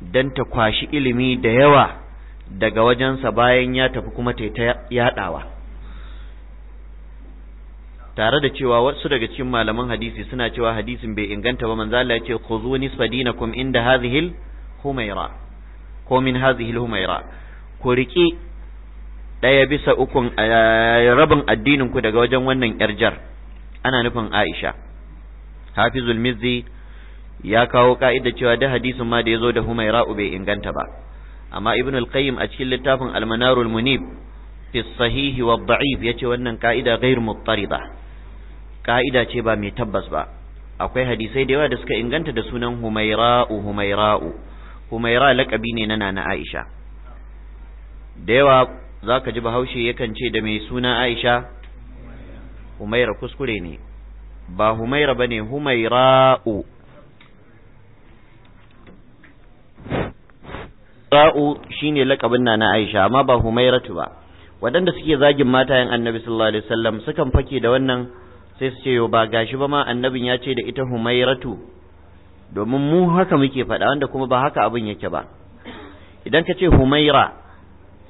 dan ta kwashi ilimi da yawa daga wajensa bayan ya tafi kuma ta yaɗawa tare da cewa wasu daga cikin malaman hadisi suna cewa hadisin bai inganta ba manzo Allah ya ce khuzu nisfa inda hadhihi humaira ko min hadhihi humaira ku riki daya bisa ukun eh, rabin addinin ku daga wajen wannan yarjar ana nufin Aisha Hafizul Mizzi ya kawo ka'ida cewa da hadisin ma da yazo da humaira bai inganta ba amma Ibn al-Qayyim a cikin littafin Al-Manarul Munib fi sahihi wa da'if yace wannan ka'ida ghairu muttaridah ka'ida ce ba mai tabbas ba akwai hadisai da yawa da suka inganta da sunan humaira'u humaira'u humaira lakabi ne na nana aisha da yawa za ka ji bahaushe yakan ce da mai suna aisha humaira kuskure ne ba humaira ba ne humaira'u ra'u ne lakabin nana aisha amma ba humairatu ba waɗanda suke zagin matayen annabi sallallahu alaihi wasallam sukan fake da wannan sai su ce yo ba gashi ba ma annabin ya ce da ita humairatu domin mu haka muke faɗa wanda kuma ba haka abin yake ba idan ka ce humaira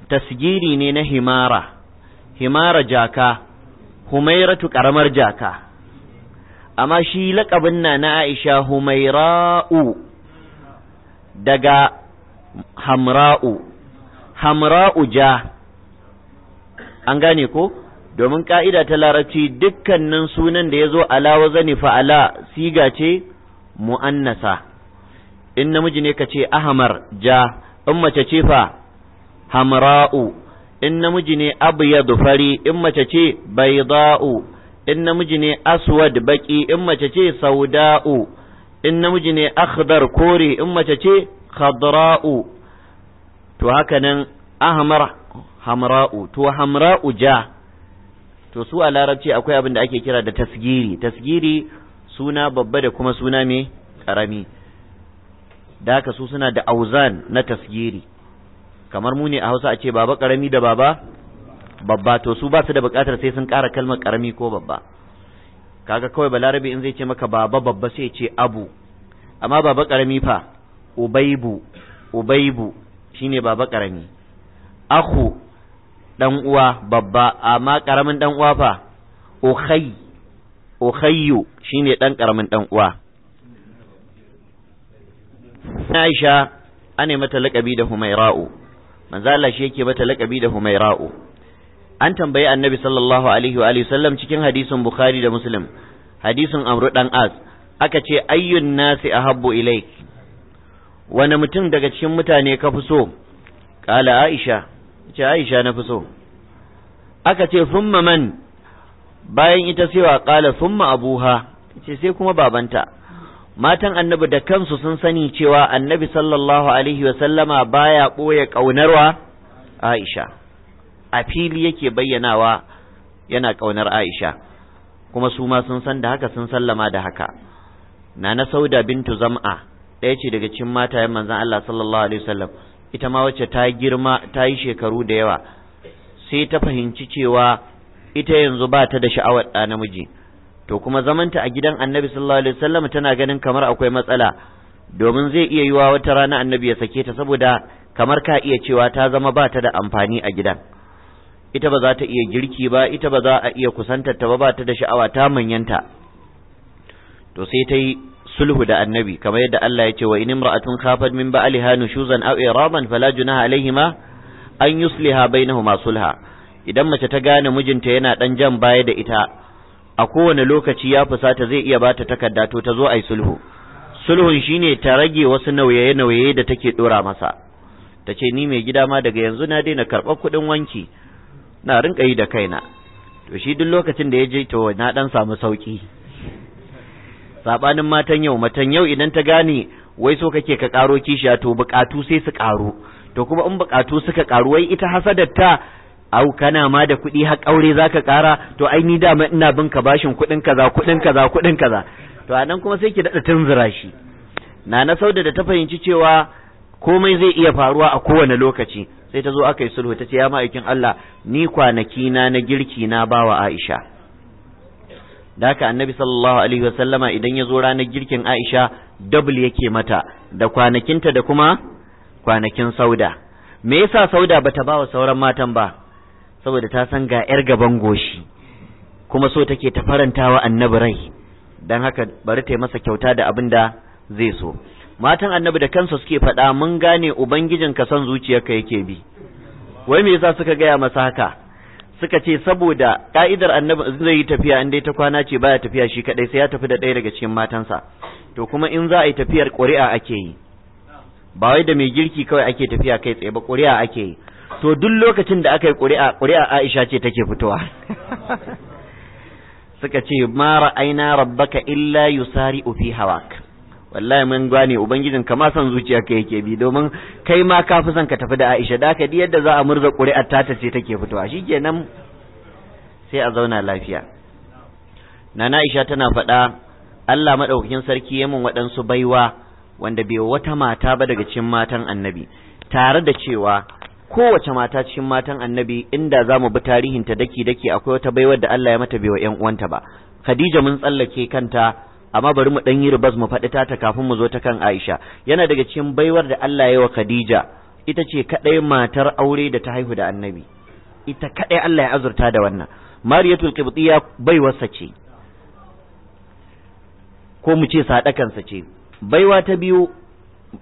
tasgiri ne na himara himara jaka humairatu ƙaramar jaka amma shi laƙabin na na aisha humaira'u daga hamra'u hamra'u ja an gane ko domin ka'ida ta larabci dukkanin sunan da ya zo ala wazani fa'ala siga ce mu'annasa in namiji ne ka ce Ahamar, ja in mace ce fa hamra'u in namiji ne abyadu fari in mace ce bayda'u in namiji ne aswad baki in mace ce sauda'u in namiji ne akhdar kore in mace ce khadra'u to haka nan ahamar hamra'u to hamra'u ja to su a larabci akwai abin da ake kira da tasgiri tasgiri suna babba da kuma suna mai karami da haka su suna da auzan na tasgiri kamar mu ne a hausa a ce baba karami da baba babba to su ba su da bukatar sai sun kara kalmar karami ko babba kaga kawai balarabe in zai ce maka baba babba sai ce abu amma baba karami fa ubaibu ubaibu shine baba karami akhu dan uwa babba amma karamin dan uwa fa ukhay ukhayyu shine dan karamin dan uwa Aisha ane mata lakabi da Humaira'u manzo Allah shi yake mata lakabi da Humaira'u an tambayi Annabi sallallahu alaihi wa alihi sallam cikin hadisin Bukhari da Muslim hadisin Amr dan As aka ce ayyun nasi ahabbu ilaik wani mutum daga cikin mutane ka fi so qala Aisha ce Aisha na fi so aka ce thumma man bayan ita sai wa qala thumma abuha ce sai kuma babanta matan annabi da kansu sun sani cewa annabi sallallahu alaihi wa sallama baya boye kaunarwa Aisha a fili yake bayyanawa yana kaunar Aisha kuma su ma sun san da haka sun sallama da haka Nana Sauda bintu Zam'a ɗaya ce daga cikin matayen manzon Allah sallallahu alaihi wasallam ita ma wacce ta girma ta yi shekaru da yawa sai ta fahimci cewa ita yanzu ba ta da sha'awar ɗa namiji to kuma zamanta a gidan annabi sallallahu alaihi wasallam tana ganin kamar akwai matsala domin zai iya yiwa wata rana annabi ya sake ta saboda kamar ka iya cewa ta zama ba ta da amfani a gidan ita ba za ta iya girki ba ita ba za a iya kusantar ta ba ba ta da sha'awa ta manyanta to sai ta yi sulhu da annabi kamar yadda Allah ya ce wa in imra'atun khafat min ba'liha nushuzan aw iraban fala junaha alaihima an yusliha bainahuma sulha idan mace ta gane mijinta yana dan jan baya da ita a kowane lokaci ya fusata zai iya bata takarda to ta zo ai sulhu sulhun shine ta rage wasu nauye-nauye da take dora masa ta ce ni mai gida ma daga yanzu na daina karɓar kuɗin wanki na rinka da kaina to shi duk lokacin da ya je to na dan samu sauki sabanin matan yau matan yau idan ta gane wai so kake ka karo kishiya to bukatu sai su karo to kuma in bukatu suka karu wai ita hasadar ta au kana ma da kuɗi har aure zaka kara to ai ni dama ina bin ka bashin kuɗin kaza kuɗin kaza kuɗin kaza to anan kuma sai ki dada tunzura shi na na sauda da ta fahimci cewa komai zai iya faruwa a kowane lokaci sai ta zo aka yi sulhu ta ce ya ma'aikin Allah ni kwanaki na na girki na bawa Aisha da haka annabi sallallahu alaihi wasallama idan ya zo ranar girkin aisha double yake mata da kwanakinta da kuma kwanakin sauda me yasa sauda bata ba wa sauran matan ba saboda ta san ga yar gaban goshi kuma so take ta farantawa annabi rai dan haka bari ta yi masa kyauta da abin da zai so matan annabi da kansu suke faɗa mun gane ubangijinka son zuciyarka yake bi wai me yasa suka gaya masa haka suka ce saboda ka'idar annabi zai yi tafiya in dai ta kwana ce baya tafiya shi kadai sai ya tafi da ɗaya daga cikin matansa to kuma in za a yi tafiyar ƙuri'a ake yi ba wai da mai girki kawai ake tafiya kai tsaye ba ƙuri'a ake yi to duk lokacin da aka yi ƙuri'a ƙuri'a Aisha ce take fitowa suka ce ma ra'aina rabbaka illa yusari fi hawak wallahi mun gane ubangijin ka ma son zuciya ka yake bi domin kai ma ka fi son ka tafi da Aisha da ka yadda za a murza ƙuri'ar ta ta ce take fitowa shikenan sai a zauna lafiya nana Aisha tana faɗa Allah madaukakin sarki ya min waɗansu baiwa wanda bai wata mata ba daga cikin matan annabi tare da cewa kowace mata cikin matan annabi inda za mu bi ta daki daki akwai wata baiwar da Allah ya mata bai wa ƴan uwanta ba Khadija mun tsallake kanta amma bari mu ɗan yi ribas mu faɗi tata kafin mu zo ta kan Aisha yana daga cikin baiwar da Allah ya wa Khadija ita ce kadai matar aure da ta haihu da Annabi ita kadai Allah ya azurta da wannan Mariyatul Qibtiyya baiwarsa ce ko mu ce sadakansa ce baiwa ta biyu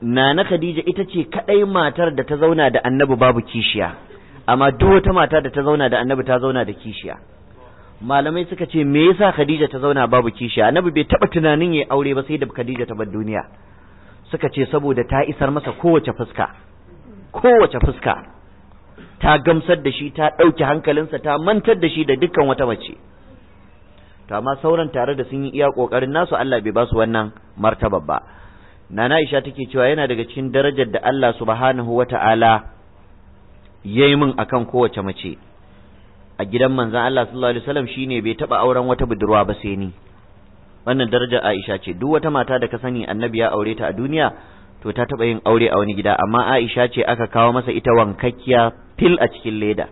Nana Khadija ita ce kadai matar da ta zauna da Annabi babu kishiya amma duk wata mata da ta zauna da Annabi ta zauna da kishiya malamai suka ce me yasa Khadija ta zauna babu kishi annabi bai taba tunanin yayi aure ba sai da Khadija ta bar duniya suka ce saboda ta isar masa kowace fuska kowace fuska ta gamsar da shi ta ɗauki hankalinsa ta mantar da shi da dukkan wata mace to amma sauran tare da sun yi iya kokarin nasu Allah bai ba su wannan martabar ba nana Aisha take cewa yana daga cikin darajar da Allah subhanahu wata'ala yayi min akan kowace mace a gidan manzan Allah sallallahu alaihi wasallam shine bai taba auren wata budurwa ba sai ni wannan daraja Aisha ce duk wata mata da ka sani annabi ya aure ta a duniya to ta taba yin aure a wani gida amma Aisha ce aka kawo masa ita wankakkiya fil a cikin leda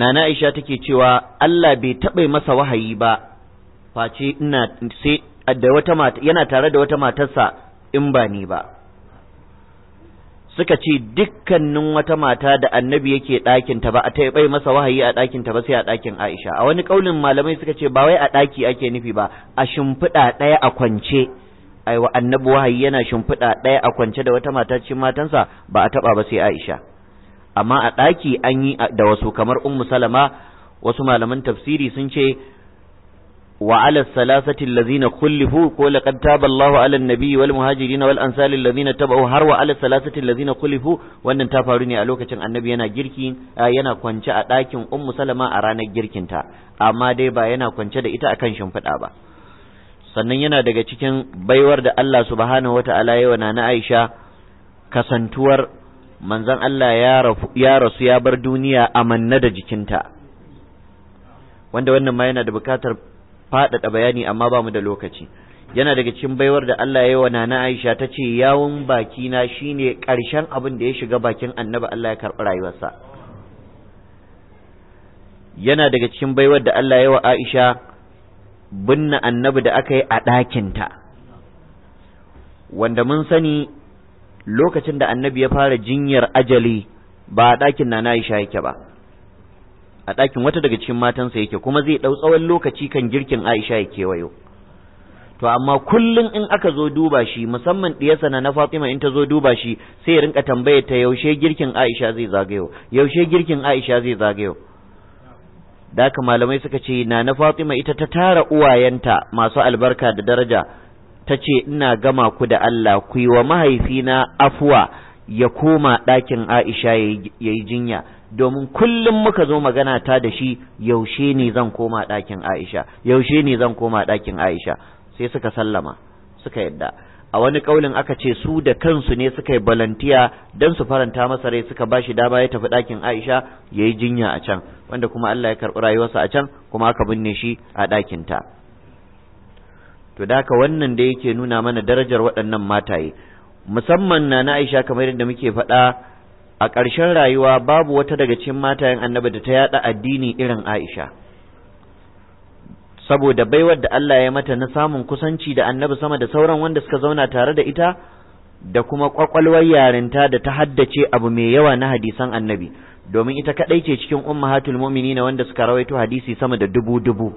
Nana Aisha take cewa Allah bai taɓa masa wahayi ba face ina sai da wata mata yana tare da wata matarsa in ba ni ba suka ce dukkanin wata mata da annabi yake ɗakin ta ba a taɓa masa wahayi a ɗakin ta ba sai a ɗakin Aisha a wani kaulin malamai suka ce ba wai a ɗaki ake nufi ba a shimfiɗa ɗaya a kwance aiwa annabi wahayi yana shimfiɗa ɗaya a kwance da wata mata cikin matansa ba a taɓa ba sai Aisha amma a ɗaki an yi da wasu kamar Ummu Salama wasu malaman tafsiri sun ce wa ala salasati allazina kullifu ko laqad taba Allahu ala an-nabiyyi wal muhajirin wal ansari allazina tabu har wa salasatin salasati allazina kullifu wannan ta faru ne a lokacin annabi yana girki yana kwance a dakin ummu salama a ranar girkin ta amma dai ba yana kwance da ita akan shimfiɗa ba sannan yana daga cikin baiwar da Allah subhanahu wata'ala ya wana na Aisha kasantuwar manzon Allah ya rasu ya bar duniya amanna da jikinta wanda wannan ma yana da bukatar faɗaɗa bayani amma ba mu da lokaci yana daga cikin baiwar da Allah ya yi wa nana Aisha ta ce yawun baki na shine ƙarshen abin da ya shiga bakin annabi Allah ya karɓi rayuwarsa yana daga cikin baiwar da Allah ya yi wa Aisha binne annabi da aka yi a ɗakinta wanda mun sani lokacin da annabi ya fara jinyar ajali ba a ɗakin nana Aisha yake ba a ɗakin wata daga cikin matansa yake kuma zai ɗau tsawon lokaci kan girkin Aisha ya kewayo to amma kullum in aka zo duba shi musamman ɗiyarsa na na Fatima in ta zo duba shi sai ya rinka tambayar ta yaushe girkin Aisha zai zagayo yaushe girkin Aisha zai zagayo da haka malamai suka ce na na Fatima ita ta tara uwayenta masu albarka da daraja ta ce ina gama ku da Allah ku yi wa mahaifina afuwa ya koma ɗakin Aisha ya yi jinya domin kullum muka zo magana ta da shi yaushe ne zan koma ɗakin Aisha yaushe ne zan koma ɗakin Aisha sai suka sallama suka yadda a wani kaulin aka ce su da kansu ne suka yi balantiya don su faranta masa rai suka bashi dama ya tafi ɗakin Aisha ya yi jinya a can wanda kuma Allah ya karɓi rayuwarsa a can kuma aka binne shi a ɗakin ta to da ka wannan da yake nuna mana darajar waɗannan mataye musamman na na Aisha kamar yadda muke faɗa a ƙarshen rayuwa babu wata daga cikin matayen annabi da ta yada addini irin Aisha saboda baiwar da Allah ya mata na samun kusanci da annabi sama da sauran wanda suka zauna tare da ita da kuma kwakwalwar yarinta da ta haddace abu mai yawa na hadisan annabi domin ita kadai ce cikin ummahatul mu'minina wanda suka rawaito hadisi sama da dubu dubu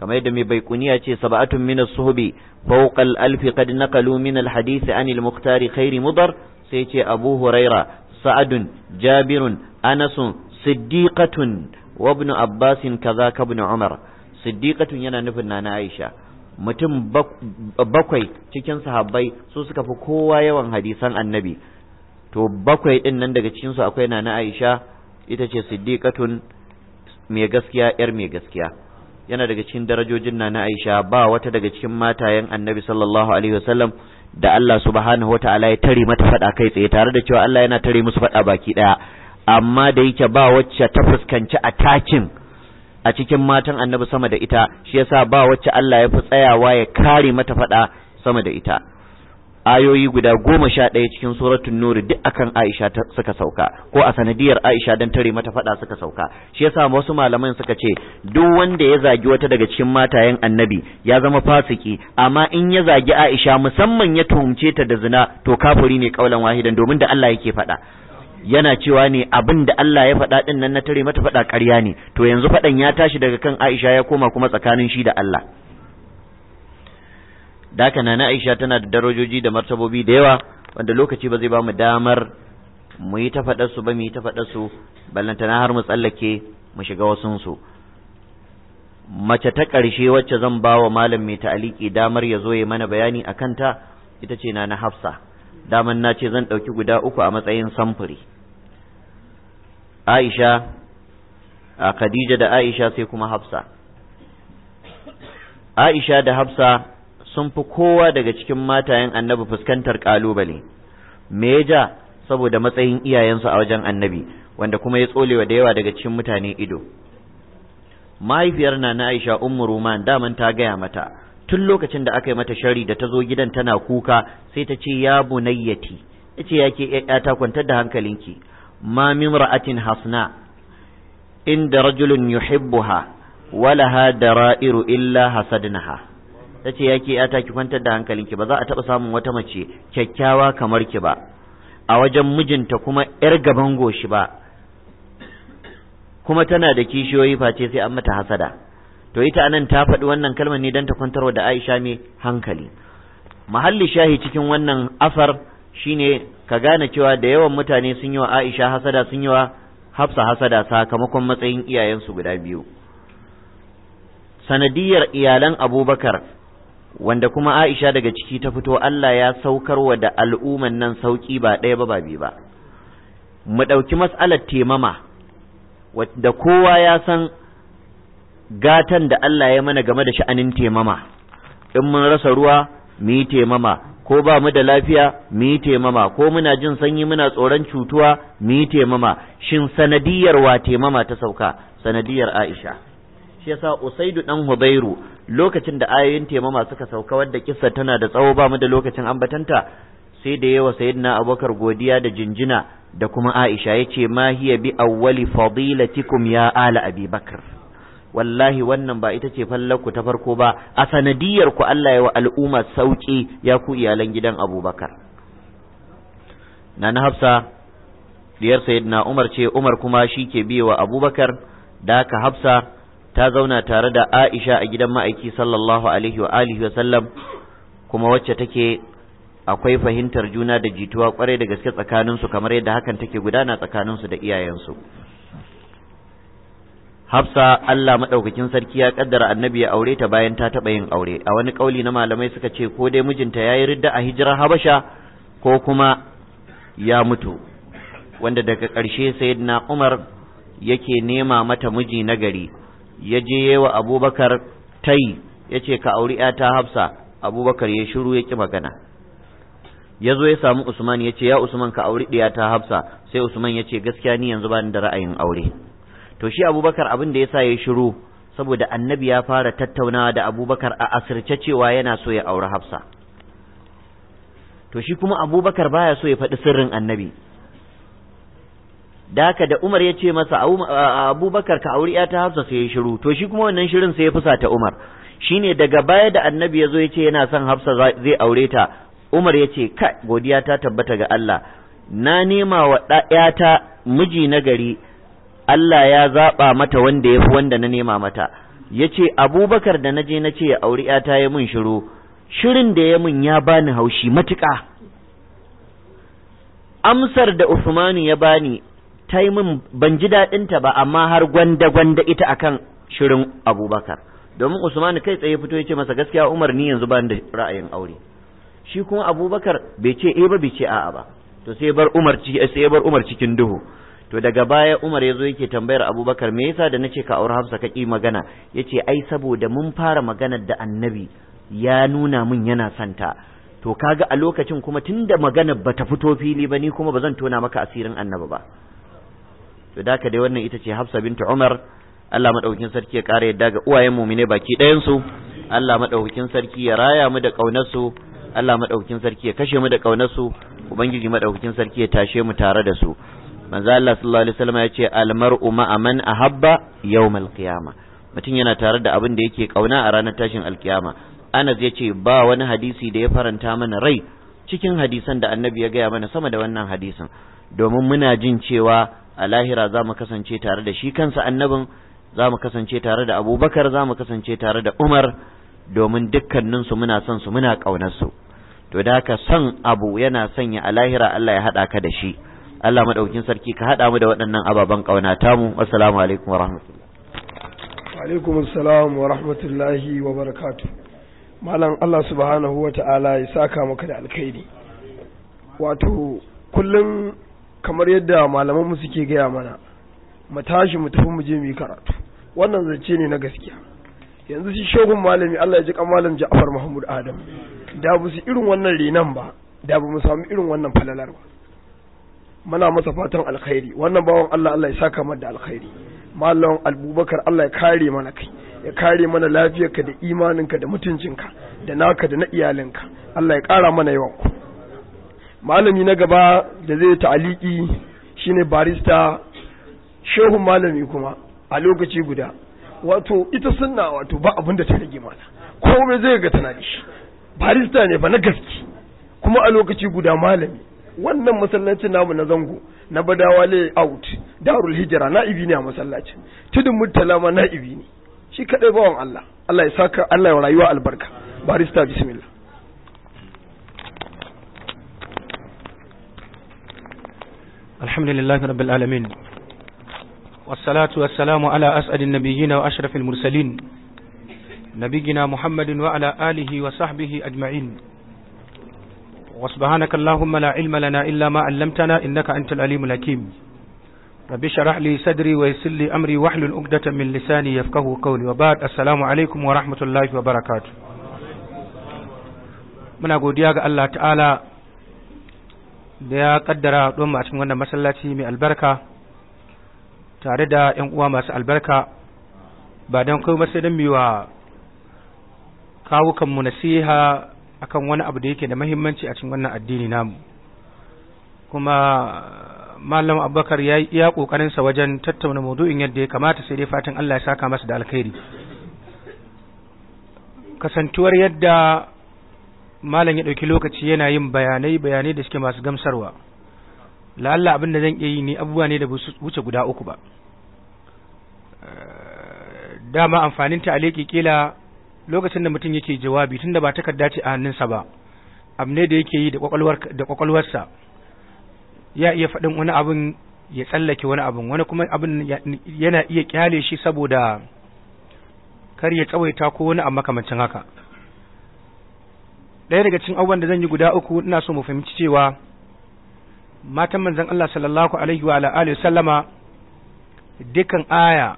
kamar yadda mai baikuniya ce sab'atun min as-suhbi fawqa al-alfi qad naqalu min al-hadisi anil mukhtari khairi mudar sai ce abu huraira sa'adun jabirun anasun siddiqatun wa abbasin kaza kabnu umar siddiqatun yana nufin nana aisha mutum bakwai cikin sahabbai su suka fi kowa yawan hadisan annabi to bakwai din nan daga cikinsu su akwai nana aisha ita ce siddiqatun mai gaskiya yar mai gaskiya yana daga cikin darajojin nana aisha ba wata daga cikin matayen annabi sallallahu alaihi wasallam da Allah subhanahu wataala ya tare mata fada kai tsaye tare da cewa Allah yana tare musu fada baki daya amma da yake ba wacce ta fuskanci attacking a cikin matan annabi sama da ita shi yasa ba wacce Allah ya fi tsayawa ya kare mata fada sama da ita ayoyi guda goma sha ɗaya cikin suratun nuri duk akan aisha suka sauka ko a sanadiyar aisha don tare mata faɗa suka sauka shi yasa wasu malaman suka ce duk wanda ya zagi wata daga cikin matayen annabi ya zama fasiki amma in ya zagi aisha musamman ya tuhumce ta da zina to kafuri ne kaulan wahidan domin da Allah yake faɗa yana cewa ne abin da Allah ya faɗa din nan na tare mata faɗa karya ne to yanzu faɗan ya tashi daga kan aisha ya koma kuma tsakanin shi da Allah da haka nana Aisha tana da darajoji da martabobi da yawa wanda lokaci ba zai ba mu damar mu yi ta faɗar su ba mu yi ta faɗar su ballantana har mu tsallake mu shiga wasun su mace ta ƙarshe wacce zan ba wa malam mai ta'aliki damar ya zo ya mana bayani a kanta ita ce na na hafsa daman na ce zan ɗauki guda uku a matsayin samfuri aisha a khadija da aisha sai kuma hafsa aisha da hafsa sun fi kowa daga cikin matayen annabi fuskantar kalubale me ya ja saboda matsayin iyayensu a wajen annabi wanda kuma ya tsolewa da yawa daga cikin mutane ido mahaifiyar na na Aisha ummu Ruman daman ta gaya mata tun lokacin da aka yi mata shari da ta zo gidan tana kuka sai ta ce ya bunayyati ce yake ta kwantar da hankalinki ma min ra'atin hasna inda rajulun yuhibbuha walaha da rairu illa hasadnaha ta ce yake yata ki kwantar da hankalinki ba za a taɓa samun wata mace kyakkyawa kamar ki ba a wajen mijinta kuma yar gaban goshi ba kuma tana da kishiyoyi face sai an mata hasada to ita anan ta faɗi wannan kalmar ne don ta kwantar da Aisha mai hankali mahalli shahi cikin wannan asar shine ka gane cewa da yawan mutane sun yi wa Aisha hasada sun yi wa Hafsa hasada sakamakon matsayin iyayensu guda biyu sanadiyar iyalan Abubakar wanda kuma Aisha daga ciki ta fito Allah ya saukarwa da al'umman nan sauki ba ɗaya ba ba biyu ba mu ɗauki mas'alar temama da kowa ya san gatan da Allah ya mana game da sha'anin temama in mun rasa ruwa mu yi temama ko ba mu da lafiya mu yi temama ko muna jin sanyi muna tsoron cutuwa mu yi temama shin sanadiyar wa temama ta sauka sanadiyar Aisha shi yasa usaidu dan hubairu lokacin da ayoyin taimama suka sauka wadda kissa tana da tsawo ba mu da lokacin ambatanta sai da yawa sayyidina abubakar godiya da jinjina da kuma aisha yace ma hiya bi awwali fadilatikum ya ala abi bakr wallahi wannan ba ita ce fallaku ta farko ba a sanadiyar ku Allah ya wa al'umma sauki ya ku iyalan gidan abubakar nana hafsa diyar sayyidina umar ce umar kuma shi ke biye wa abubakar da ka hafsa ta zauna tare da Aisha a gidan ma'aiki sallallahu alaihi wa alihi wa sallam kuma wacce take akwai fahimtar juna da jituwa kwarai da gaske tsakaninsu kamar yadda hakan take gudana tsakaninsu da iyayensu Hafsa Allah madaukakin sarki ya kaddara annabi ya aure ta bayan ta taɓa yin aure a wani ƙauli na malamai suka ce ko dai mijinta yayi ridda a hijira Habasha ko kuma ya mutu wanda daga ƙarshe sayyidina Umar yake nema mata miji na gari ya je wa abubakar tai ya ce ka auri ta hafsa abubakar ya shiru ya ƙi magana ya zo ya samu usman ya ce ya usman ka auri ta hafsa sai usman ya ce gaskiya ni yanzu ba da ra'ayin aure to shi abubakar abin da ya sa ya shiru saboda annabi ya fara tattaunawa da abubakar a asirce cewa yana so ya auri hafsa to shi kuma abubakar baya so ya faɗi sirrin annabi da haka da Umar ya ce masa Abubakar ka auri ta Hafsa sai ya shiru to shi kuma wannan shirin sai ya fusa ta Umar shine daga baya da Annabi ya zo ya ce yana son Hafsa zai aure ta Umar ya ce ka godiya ta tabbata ga Allah na nema wa ta miji na gari Allah ya zaɓa mata wanda yafi wanda na nema mata yace ce Abubakar da naje je na ce ya auri ta ya mun shiru shirin da ya mun ya bani haushi matuƙa amsar da Usmanu ya bani ta yi min ban ji daɗinta ba amma har gwanda-gwanda ita akan shirin abubakar domin usman kai tsaye fito ya ce masa gaskiya umar ni yanzu bani da ra'ayin aure shi kuma abubakar bai ce eh ba bai ce a'a ba to sai bar umar sai bar umar cikin duhu to daga baya umar ya zo yake tambayar abubakar me yasa da na ce ka aure hafsa ka ƙi magana ya ce ai saboda mun fara maganar da annabi ya nuna min yana santa to kaga a lokacin kuma tunda maganar bata fito fili ba ni kuma ba zan tona maka asirin annabi ba to da ka dai wannan ita ce Hafsa bintu Umar Allah madaukakin sarki ya kara yadda ga uwayen mumine baki ɗayan su Allah madaukakin sarki ya raya mu da kaunar su Allah madaukakin sarki ya kashe mu da kaunar su ubangiji madaukakin sarki ya tashe mu tare da su manzo Allah sallallahu alaihi wasallam ya ce almar'u ma'a man ahabba yawmal qiyamah mutum yana tare da abin da yake kauna a ranar tashin alkiyama Anas ya ce ba wani hadisi da ya faranta mana rai cikin hadisan da annabi ya gaya mana sama da wannan hadisin domin muna jin cewa a lahira za mu kasance tare da shi kansa annabin za mu kasance tare da abubakar za mu kasance tare da umar domin dukkaninsu muna son su muna ƙaunarsu to da haka son abu yana sanya a lahira Allah ya haɗa ka da shi Allah maɗaukin sarki ka haɗa mu da waɗannan ababen ƙauna mu wasalamu alaikum wa rahmatullah wa alaikum salam wa rahmatullahi wa barakatuh malam Allah subhanahu wa ta'ala ya saka maka da alkhairi wato kullum kamar yadda malaman mu suke gaya mana mu tashi mu tafi mu je mu yi karatu wannan zance ne na gaskiya yanzu shi shogun malami Allah ya ji kan malam Ja'far Muhammad Adam da bu su irin wannan renan ba da bu mu samu irin wannan falalar ba muna masa fatan alkhairi wannan bawan Allah Allah ya saka mana da alkhairi mallam Abubakar Allah ya kare mana kai ya kare mana lafiyarka da imaninka da mutuncinka da naka da na iyalinka Allah ya kara mana yawan ku malami na gaba da zai ta'aliki shine barista shehu malami kuma a lokaci guda wato ita sunna wato ba abin da ta rage mata komai zai ga tana da shi barista ne ba na gaske kuma a lokaci guda malami wannan masallacin namu na zango na badawa lay out darul hijira na'ibi ne a masallaci tudun murtala ma na'ibi ne shi kadai bawan Allah Allah ya saka Allah ya rayuwa albarka barista bismillah الحمد لله رب العالمين والصلاة والسلام على أسعد النبيين وأشرف المرسلين نبينا محمد وعلى آله وصحبه أجمعين وسبحانك اللهم لا علم لنا إلا ما علمتنا إنك أنت العليم الحكيم رب شرح لي صدري ويسر لي أمري واحلل عقدة من لساني يفقه قولي وبعد السلام عليكم ورحمة الله وبركاته muna godiya ga Allah ta'ala da ya kaddara don a cikin wannan masallaci mai albarka tare da ‘yan uwa masu albarka ba don kai masu don miwa kawukanmu nasiha akan wani abu da yake da mahimmanci a cikin wannan addini namu kuma malam abubakar ya yi iya ƙoƙarinsa wajen tattauna maudu'in yadda ya kamata sai dai fatan allah ya saka masa da alkhairi kasantuwar yadda malam ya ɗauki lokaci yana yin bayanai bayanai da suke masu gamsarwa la'alla abin da zan iya yi ne abubuwa ne da wuce guda uku ba eh, dama amfanin ta aleki kila lokacin da mutum yake jawabi tun da ba takarda ce a hannunsa ba abu ne da yake yi da kwakwalwarsa ya iya faɗin wani abin ya tsallake wani abin wani kuma abin yana iya kyale shi saboda kar ya tsawaita ko wani a makamancin haka ɗaya daga cikin abubuwan da zan yi guda uku ina so mu fahimci cewa matan manzon Allah sallallahu alaihi wa alihi sallama dukkan aya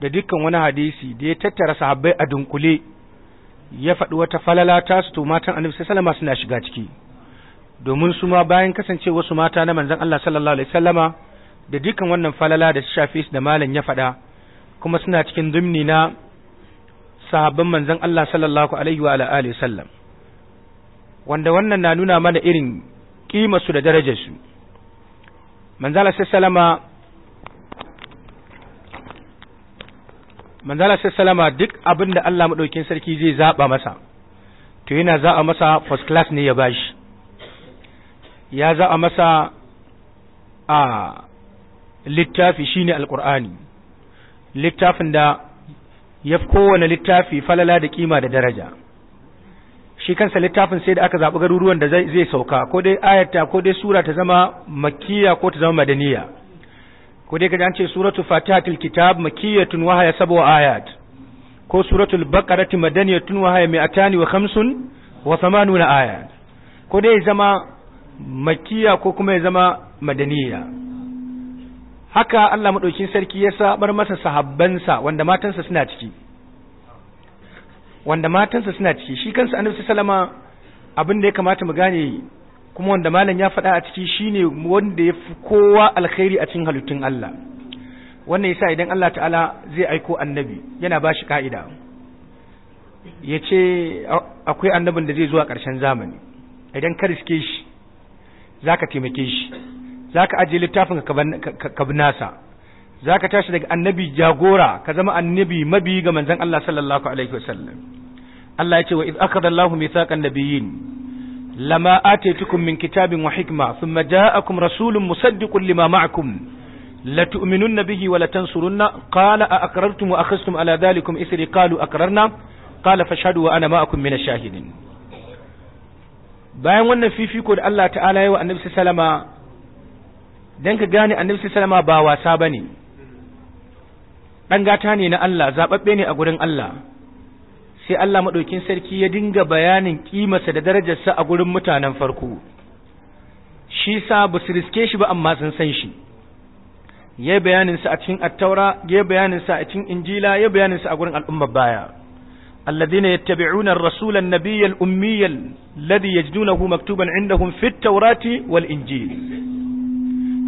da dukkan wani hadisi da ya tattara sahabbai a dunkule ya faɗi wata falala ta su to matan annabi sallama suna shiga ciki domin su ma bayan kasancewa su mata na manzon Allah sallallahu alaihi sallama da dukkan wannan falala da shafi su da malam ya faɗa kuma suna cikin zumni na sahabban manzon Allah sallallahu alaihi wa alihi sallam wanda wannan na nuna mana irin su da darajarsu manzala sassalama manzala duk abin da Allah maɗaukin sarki zai zaɓa masa to yana zaɓa masa first class ne ya bashi ya zaɓa masa a littafi shine alkur'ani littafin da ya fi kowane littafi falala da kima da daraja shi kansa littafin sai da aka zaɓi garuruwan da zai sauka ko dai ayata ko dai sura ta zama makiya ko ta zama madaniya ko dai an ce suratu fatihatul kitab makkiyatun wa haya sabo ayat ko suratul baqarati madaniyatun wa haya mi'atani wa khamsun wa thamanuna ayat ko dai zama makiya ko kuma ya zama madaniya haka Allah madaukin sarki ya sabar masa sahabbansa wanda matansa suna ciki wanda matansa suna ciki shi kansa annabi sallama abin da ya kamata mu gane kuma wanda malam ya faɗa a ciki shi ne wanda ya fi kowa alkhairi a cikin halittun Allah wannan yasa idan Allah ta'ala zai aiko annabi yana bashi ka'ida ce akwai annabin da zai zuwa a ƙarshen zamani idan ka riske shi zaka taimake shi zaka ajiye littafin ka kabnasa za ka tashi daga annabi jagora ka zama annabi mabi ga manzan Allah sallallahu alaihi wasallam Allah ya ce wa iz akhadha Allahu mithaqan nabiyyin lama ataytukum min kitabin wa hikma thumma ja'akum rasulun musaddiqun lima ma'akum latu'minunna bihi wa latansurunna qala a aqrartum wa akhadhtum ala dhalikum isri qalu aqrarna qala fashhadu wa ana ma'akum min ash-shahidin bayan wannan fifiko da Allah ta'ala ya wa annabi sallama dan ka gane annabi sallama ba wasa bane ɗan gata ne na Allah zaɓaɓɓe ne a gurin Allah sai Allah maɗaukin sarki ya dinga bayanin ƙimarsa da darajarsa a gurin mutanen farko shi sa ba su riske shi ba amma sun san shi ya bayaninsa a cikin attaura ya bayaninsa a cikin injila ya bayaninsa a gurin al'ummar baya alladhina yattabi'una rasulan rasula an-nabiyya al-ummiyya alladhi yajidunahu maktuban 'indahum fit-taurati wal-injil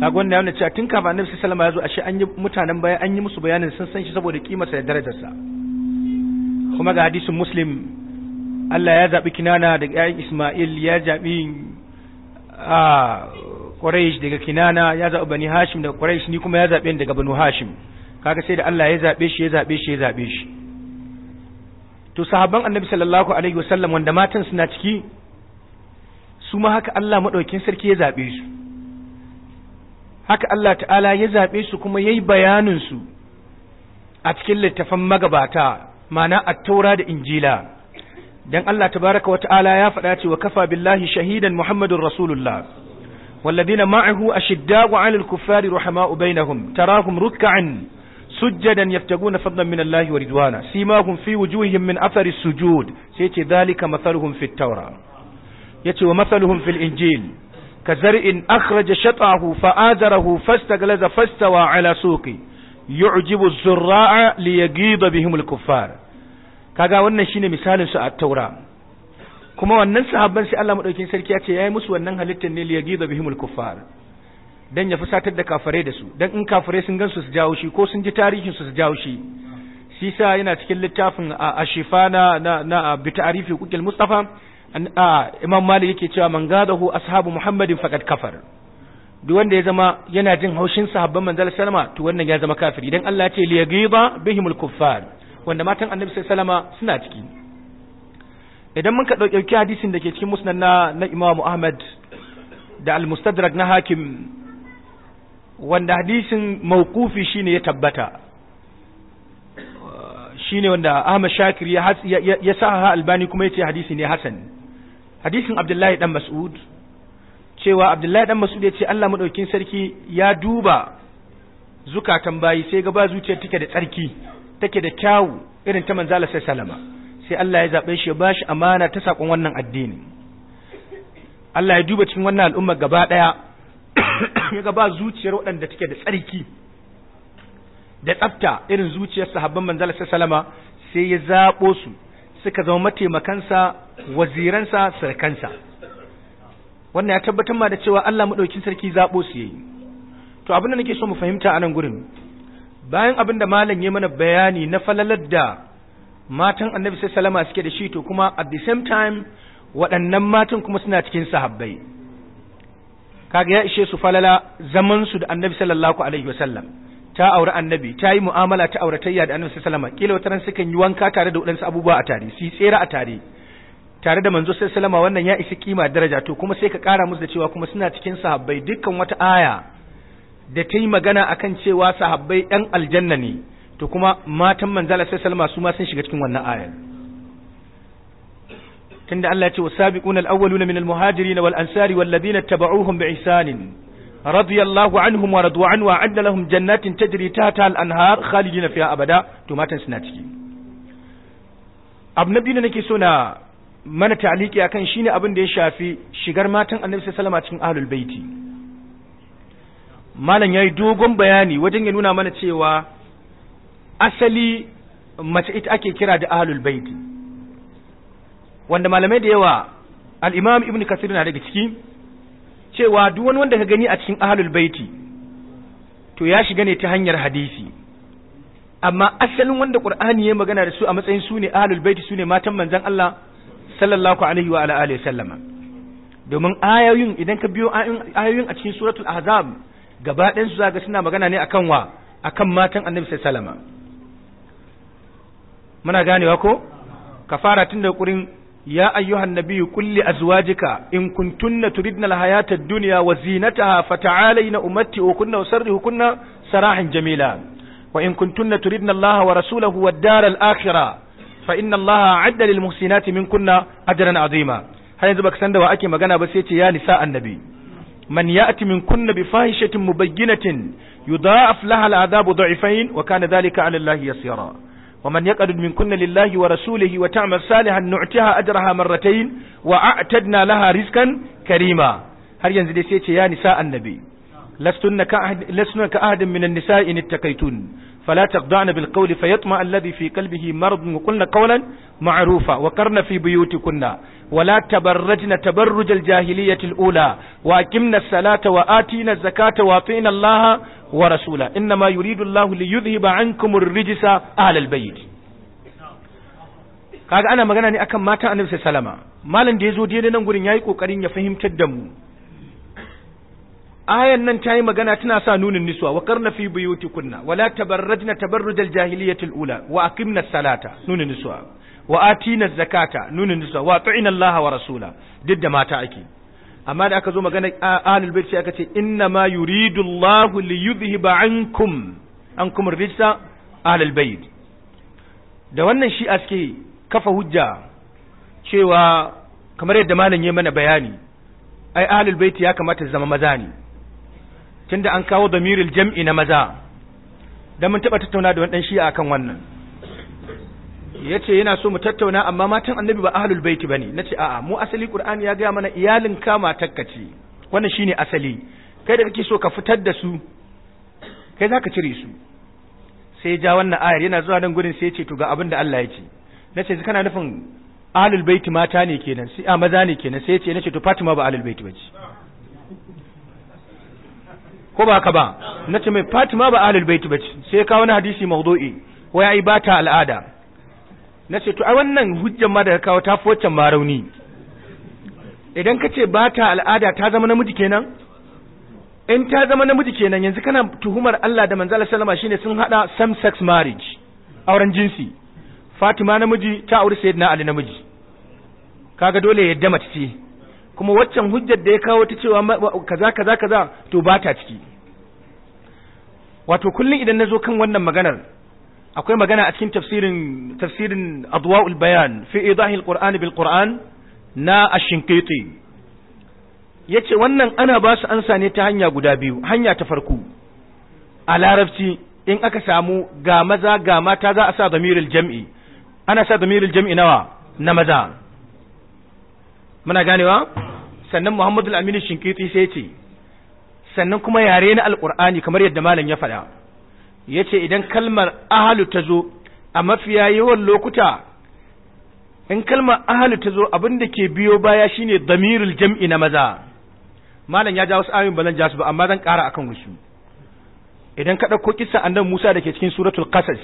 kaga wannan yana cewa tun kafin annabi sallallahu alaihi wasallam ya zo ashe an yi mutanen baya an yi musu bayanin sun san shi saboda kimarsa da darajarsa kuma ga hadisin muslim Allah ya zabi kinana daga ƴaƴan Isma'il ya zabi a Quraysh daga kinana ya zabi bani Hashim daga Quraysh ni kuma ya zabe daga banu Hashim kaga sai da Allah ya zabe shi ya zabe shi ya zabe shi to sahabban annabi sallallahu alaihi wasallam wanda matan suna ciki su ma haka Allah madaukin sarki ya zabe su haka Allah ta'ala ya zaɓe su kuma ya yi bayaninsu a cikin littafan magabata mana attaura da injila don Allah tabaraka wa ta'ala ya faɗa cewa kafa billahi shahidan muhammadun rasulullah والذين معه أشداء على الكفار رحماء بينهم تراهم ركعا سجدا يفتقون فضلا من الله ورضوانا سيماهم في وجوههم من أثر السجود سيتي ذلك مثلهم في التوراة يتي ومثلهم في الإنجيل كزرع أخرج شطعه فآذره فاستغلظ فاستوى على سوقه يعجب الزراع ليغيظ بهم الكفار kaga wannan shine misalin su a taura kuma wannan sahabban sai Allah madaukin sarki ya ce yayi musu wannan halittar ne liyagiza bihimul kuffar dan ya fusatar da kafare da su dan in kafare sun gansu su jawo shi ko sun ji tarihin su su jawo shi sisa yana cikin littafin a ashifana na na bi ta'rifi mustafa imam malik yake cewa man gadahu ashabu muhammadin faqad kafar duk wanda ya zama yana jin haushin sahabban manzal sallama to wannan ya zama kafiri idan Allah ya ce liyaghiba bihimul kuffar wanda matan annabi sallama suna ciki idan muka dauki hadisin da ke cikin musnad na na imam ahmad da al-mustadrak na hakim wanda hadisin mawqufi shine ya tabbata shine wanda ahmad shakir ya ya, albani kuma yace hadisi ne hasan hadisin abdullahi dan mas'ud cewa abdullahi dan mas'ud ya ce Allah madaukin sarki ya duba zukatan bayi sai ga ba zuciyar take da tsarki take da kyawu irin ta manzala sai salama sai Allah ya zabe shi ya bashi amana ta sakon wannan addini Allah ya duba cikin wannan al'umma gaba daya ya ga ba zuciyar waɗanda take da tsarki da tsafta irin zuciyar sahabban manzala sai salama sai ya zabo su suka zama mataimakansa waziransa sarkansa wannan ya tabbatar ma da cewa Allah madaukin sarki zabo su yayi to abin da nake so mu fahimta a nan gurin bayan abin da malam ya mana bayani na falalar da matan annabi sai salama suke da shi to kuma at the same time waɗannan matan kuma suna cikin sahabbai kaga ya ishe su falala zaman su da annabi sallallahu alaihi wasallam ta aure annabi ta yi mu'amala ta auratayya da annabi sallallahu alaihi wasallam kila wataran sukan yi wanka tare da wadansu abubuwa a tare su tsere a tare tare da manzo sallallahu alaihi wannan ya isa kima daraja to kuma sai ka kara musu da cewa kuma suna cikin sahabbai dukkan wata aya da ta yi magana akan cewa sahabbai ɗan aljanna ne to kuma matan manzala sai salma su ma sun shiga cikin wannan aya. tunda Allah ya ce wasabiquna al-awwaluna min al-muhajirin wal ansari wal ladina tabauhum bi ihsanin رضي الله عنهم ورضوا عنه وأعد لهم جنات تجري تحتها الأنهار خالدين فيها أبدا تماتا سناتي abu na biyu da nake so na mana ta'aliki akan shine abin da ya shafi shigar matan annabi sallallahu alaihi cikin ahlul baiti malam yayi dogon bayani wajen ya nuna mana cewa asali mace ita ake kira da ahlul baiti wanda malamai da yawa al-imam ibnu kasir na daga ciki cewa duk wani wanda ka gani a cikin ahlul baiti to ya shiga ne ta hanyar hadisi amma asalin wanda qur'ani ya magana da su a matsayin su ne ahlul baiti su ne matan manzon Allah sallallahu alaihi wa alihi sallama domin ayoyin idan ka biyo ayoyin a cikin suratul ahzab gaba ɗayan su zaka suna magana ne akan wa akan matan annabi sallallahu alaihi muna ganewa ko ka fara tun da kurin ya ayyuhan nabiyyu qul li azwajika in kuntunna turidna alhayata ad-dunya wa zinataha fata'alayna umatti'ukunna wa sarrihukunna sarahan jamila wa in kuntunna turidna allaha wa rasulahu wad-dara al-akhirah fa inna allaha a'adda lil muhsinati minkunna ajran 'azima har yanzu baka san da wa ake magana ba sai ce ya nisa annabi man ya'ti minkunna bi fahishatin mubayyinatin yudha'af laha al-'adabu dha'ifain wa kana dhalika 'ala allahi ومن يقعد من كن لله ورسوله وتعمل صالحا نعتها أجرها مرتين وأعتدنا لها رزقا كريما هل ينزل سيتي يا نساء النبي لستن كأهد, لستن كأهد من النساء إن اتقيتن فلا تخضعن بالقول فيطمع الذي في قلبه مرض وقلن قولا معروفا وقرن في بيوتكن ولا تبرجن تبرج الجاهلية الأولى وأقمن الصلاة وآتينا الزكاة وأطعن الله ورسوله إنما يريد الله ليذهب عنكم الرجس أهل البيت kaga ana magana ne akan mata annabi sallama malam da yazo daidai nan gurin yayi kokarin ya fahimtar da mu ayan nan ta yi magana tana sa nunin niswa wa karna fi buyutikunna wala tabarrajna tabarrujal jahiliyatil ula wa aqimna salata nunin niswa wa atina zakata nunin niswa wa tu'ina Allah wa rasula duk da mata ake amma da aka zo magana ahlul bait sai aka ce inna ma yuridu Allah li yudhhiba ankum ankum rijsa ahlul bait da wannan shi aske kafa hujja cewa kamar yadda malam ya mana bayani ai ahlul bait ya kamata zama maza ne tunda an kawo damiril jam'i na maza dan mun taba tattauna da wani shi'a akan wannan yace yana so mu tattauna amma matan annabi ba ahlul baiti bane nace a'a mu asali qur'ani ya ga mana iyalin ka matakka ce wannan shine asali kai da kake so ka fitar da su kai zaka cire su sai ja wannan ayar yana zuwa nan gurin sai ya ce to ga abin da Allah ya ce nace kana nufin ahlul baiti mata ne kenan sai a maza ne kenan sai ya ce nace to Fatima ba ahlul baiti bace ko ba haka ba na ce mai fatima ba ahlul ba bace sai ka wani hadisi mawdu'i wai ai ba ta al'ada na ce to a wannan hujjar ma da ka kawo ta focan ma rauni idan ka ce ba ta al'ada ta zama namiji kenan in ta zama namiji kenan yanzu kana tuhumar Allah da manzala sallama shine sun hada same sex marriage auren jinsi Fatima namiji ta auri Sayyidina Ali namiji kaga dole ya yadda mace ce kuma waccan hujjar da ya kawo ta cewa kaza kaza kaza to ba ta ciki wato kullum idan na zo kan wannan maganar akwai magana a cikin tafsirin tafsirin adwa'ul bayan fi idahil qur'an bil qur'an na ash-shinqiti yace wannan ana ba su ansa ne ta hanya guda biyu hanya ta farko a larabci in aka samu ga maza ga mata za a sa damiril jam'i ana sa damiril jam'i nawa na maza muna ganewa sannan Muhammadu Aminu Shinkiti sai ce sannan kuma yare na alkur'ani kamar yadda malam ya faɗa ce idan kalmar ahalu ta zo a mafiya yawan lokuta in kalmar ahalu ta zo abin da ke biyo baya shine damirul jam'i na maza malam ya ja wasu amin ba zan ja su ba amma zan ƙara akan wasu idan ka ɗauko kisan nan Musa da ke cikin suratul qasas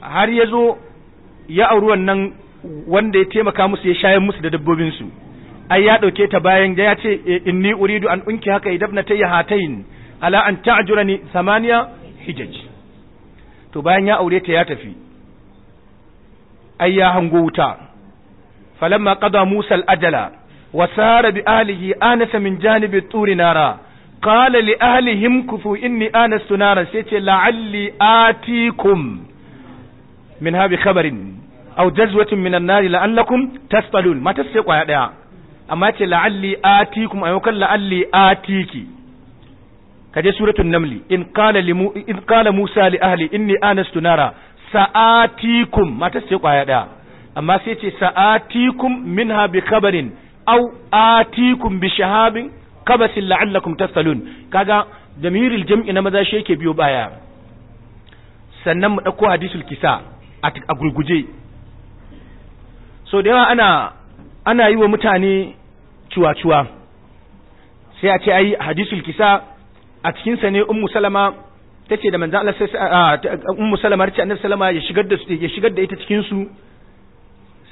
har ya zo ya auri wannan wanda ya taimaka musu ya shayar musu da dabbobinsu su ai ya ɗauke ta bayan ya ce e, inni uridu an unki haka idabna tayya hatayn ala an ni samaniya hijaj to bayan ya aure ta ya tafi ai ya hango wuta falamma qada musa al-ajala wa sara bi ahlihi anasa min janibi turi nara qala li ahlihim kufu inni anastu nara sai ce la'alli atikum min habi khabarin aw jazwatun minan nari la'allakum tasqalun mata sai kwaya daya amma yace la'alli atikum kan la'alli atiki kaje suratul namli in qala li in qala musa li ahli inni anastu nara sa'atikum mata sai kwaya daya amma sai yace sa'atikum minha bi khabarin aw atikum bi shahabin kabasin la'allakum tasqalun kaga damiril jam'i na maza shi yake biyo baya sannan mu dauko hadisul kisa a gurguje so da yawa ana ana yi wa mutane cuwa-cuwa sai a ce ai hadisul kisa a cikin sa ne ummu salama tace da manzon Allah sai ummu salama tace annabi salama ya shigar da su ya shigar da ita cikin su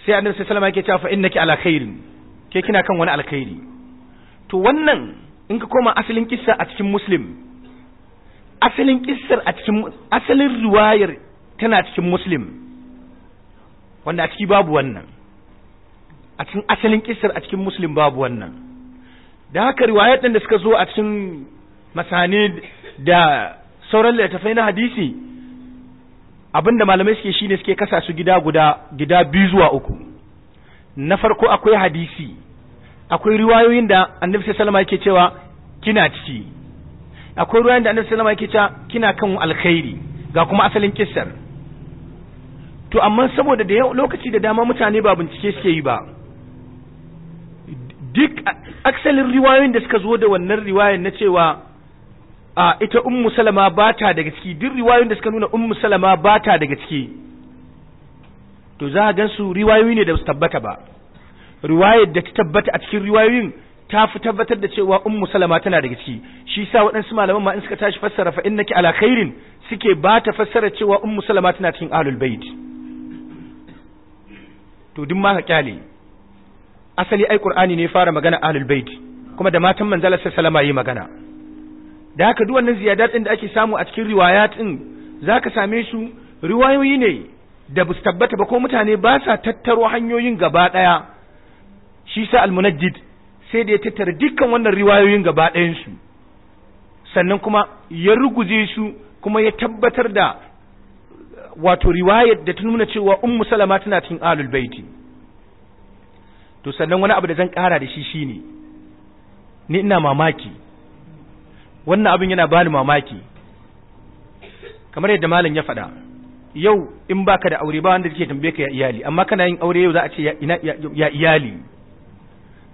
sai annabi sai salama yake cewa fa innaki ala khairin ke kina kan wani alkhairi to wannan in ka koma asalin kissa a cikin muslim asalin kissar a cikin asalin riwayar tana cikin muslim wanda a ciki babu wannan a cikin asalin kissar a cikin muslim babu wannan da haka riwayat din da suka zo a cikin masani da sauran littattafai na hadisi abinda malamai suke shine suke kasa su gida guda gida biyu zuwa uku na farko akwai hadisi akwai riwayoyin da annabi sallama yake cewa kina ciki akwai riwayoyin da annabi sallama yake cewa kina kan alkhairi ga kuma asalin kissar to amma saboda da lokaci da dama mutane ba bincike suke yi ba duk aksalin riwayoyin da suka zo da wannan riwayar na cewa a ita ummu salama ba ta daga ciki duk riwayoyin da suka nuna ummu salama ba ta daga ciki to za a gansu riwayoyi ne da su tabbata ba riwayar da ta tabbata a cikin riwayoyin ta fi tabbatar da cewa ummu salama tana daga ciki shi sa waɗansu malaman ma in suka tashi fassara fa innaki ala khairin suke ba ta fassara cewa ummu salama tana cikin ahlul bait to duk ma ka kyale asali ai qur'ani ne fara magana ahlul bait kuma da matan manzala sallallahu yi magana da haka duk wannan ziyadat din da ake samu a cikin riwayat din zaka same su riwayoyi ne da bu tabbata ba ko mutane ba sa tattaro hanyoyin gaba daya shi sa almunajjid sai da ya tattara dukkan wannan riwayoyin gaba dayan su sannan kuma ya ruguje su kuma ya tabbatar da wato riwayar da ta nuna cewa ummu salama tana cikin ahlul baiti to sannan wani abu da zan kara da shi shine ni ina mamaki wannan abin yana bani mamaki kamar yadda malam ya faɗa yau in baka da aure ba wanda yake tambaye ka ya iyali amma kana yin aure yau za a ce ya iyali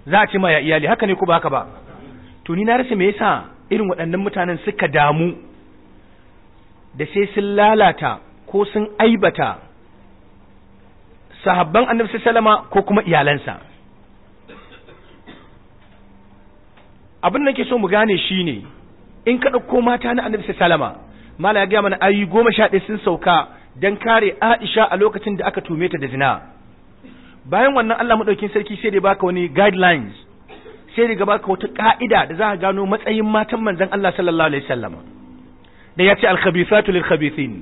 za a ce ma ya iyali haka ne ko ba ba to ni na rasa me yasa irin waɗannan mutanen suka damu da sai sun lalata ko sun aibata sahabban annabi sallama ko kuma iyalansa abin da nake so mu gane shi ne in ka ɗauko mata na annabi salama mala ya gaya mana ayi goma sha ɗaya sun sauka dan kare Aisha a lokacin da aka tume ta da zina bayan wannan Allah ɗaukin sarki sai da baka wani guidelines sai da baka wata ka'ida da za ka gano matsayin matan manzon Allah sallallahu alaihi wasallam da ya ce al-khabithatu lil-khabithin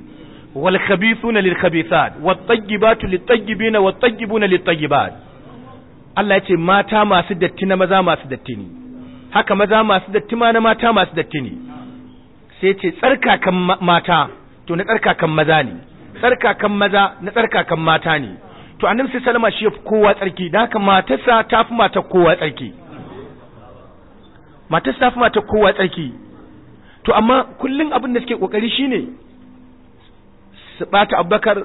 wal-khabithuna lil-khabithat wat-tayyibatu lit-tayyibina wat-tayyibuna lit-tayyibat Allah ya ce mata masu datti na maza masu datti ne haka maza masu datti ma na mata masu datti ne sai ce tsarkakan mata to na tsarkakan maza ne tsarkakan maza na tsarkakan mata ne to annabi sai salama shi yafi kowa tsarki dan haka matarsa ta fi mata kowa tsarki matarsa ta fi mata kowa tsarki to amma kullum abin da suke kokari shine su bata abubakar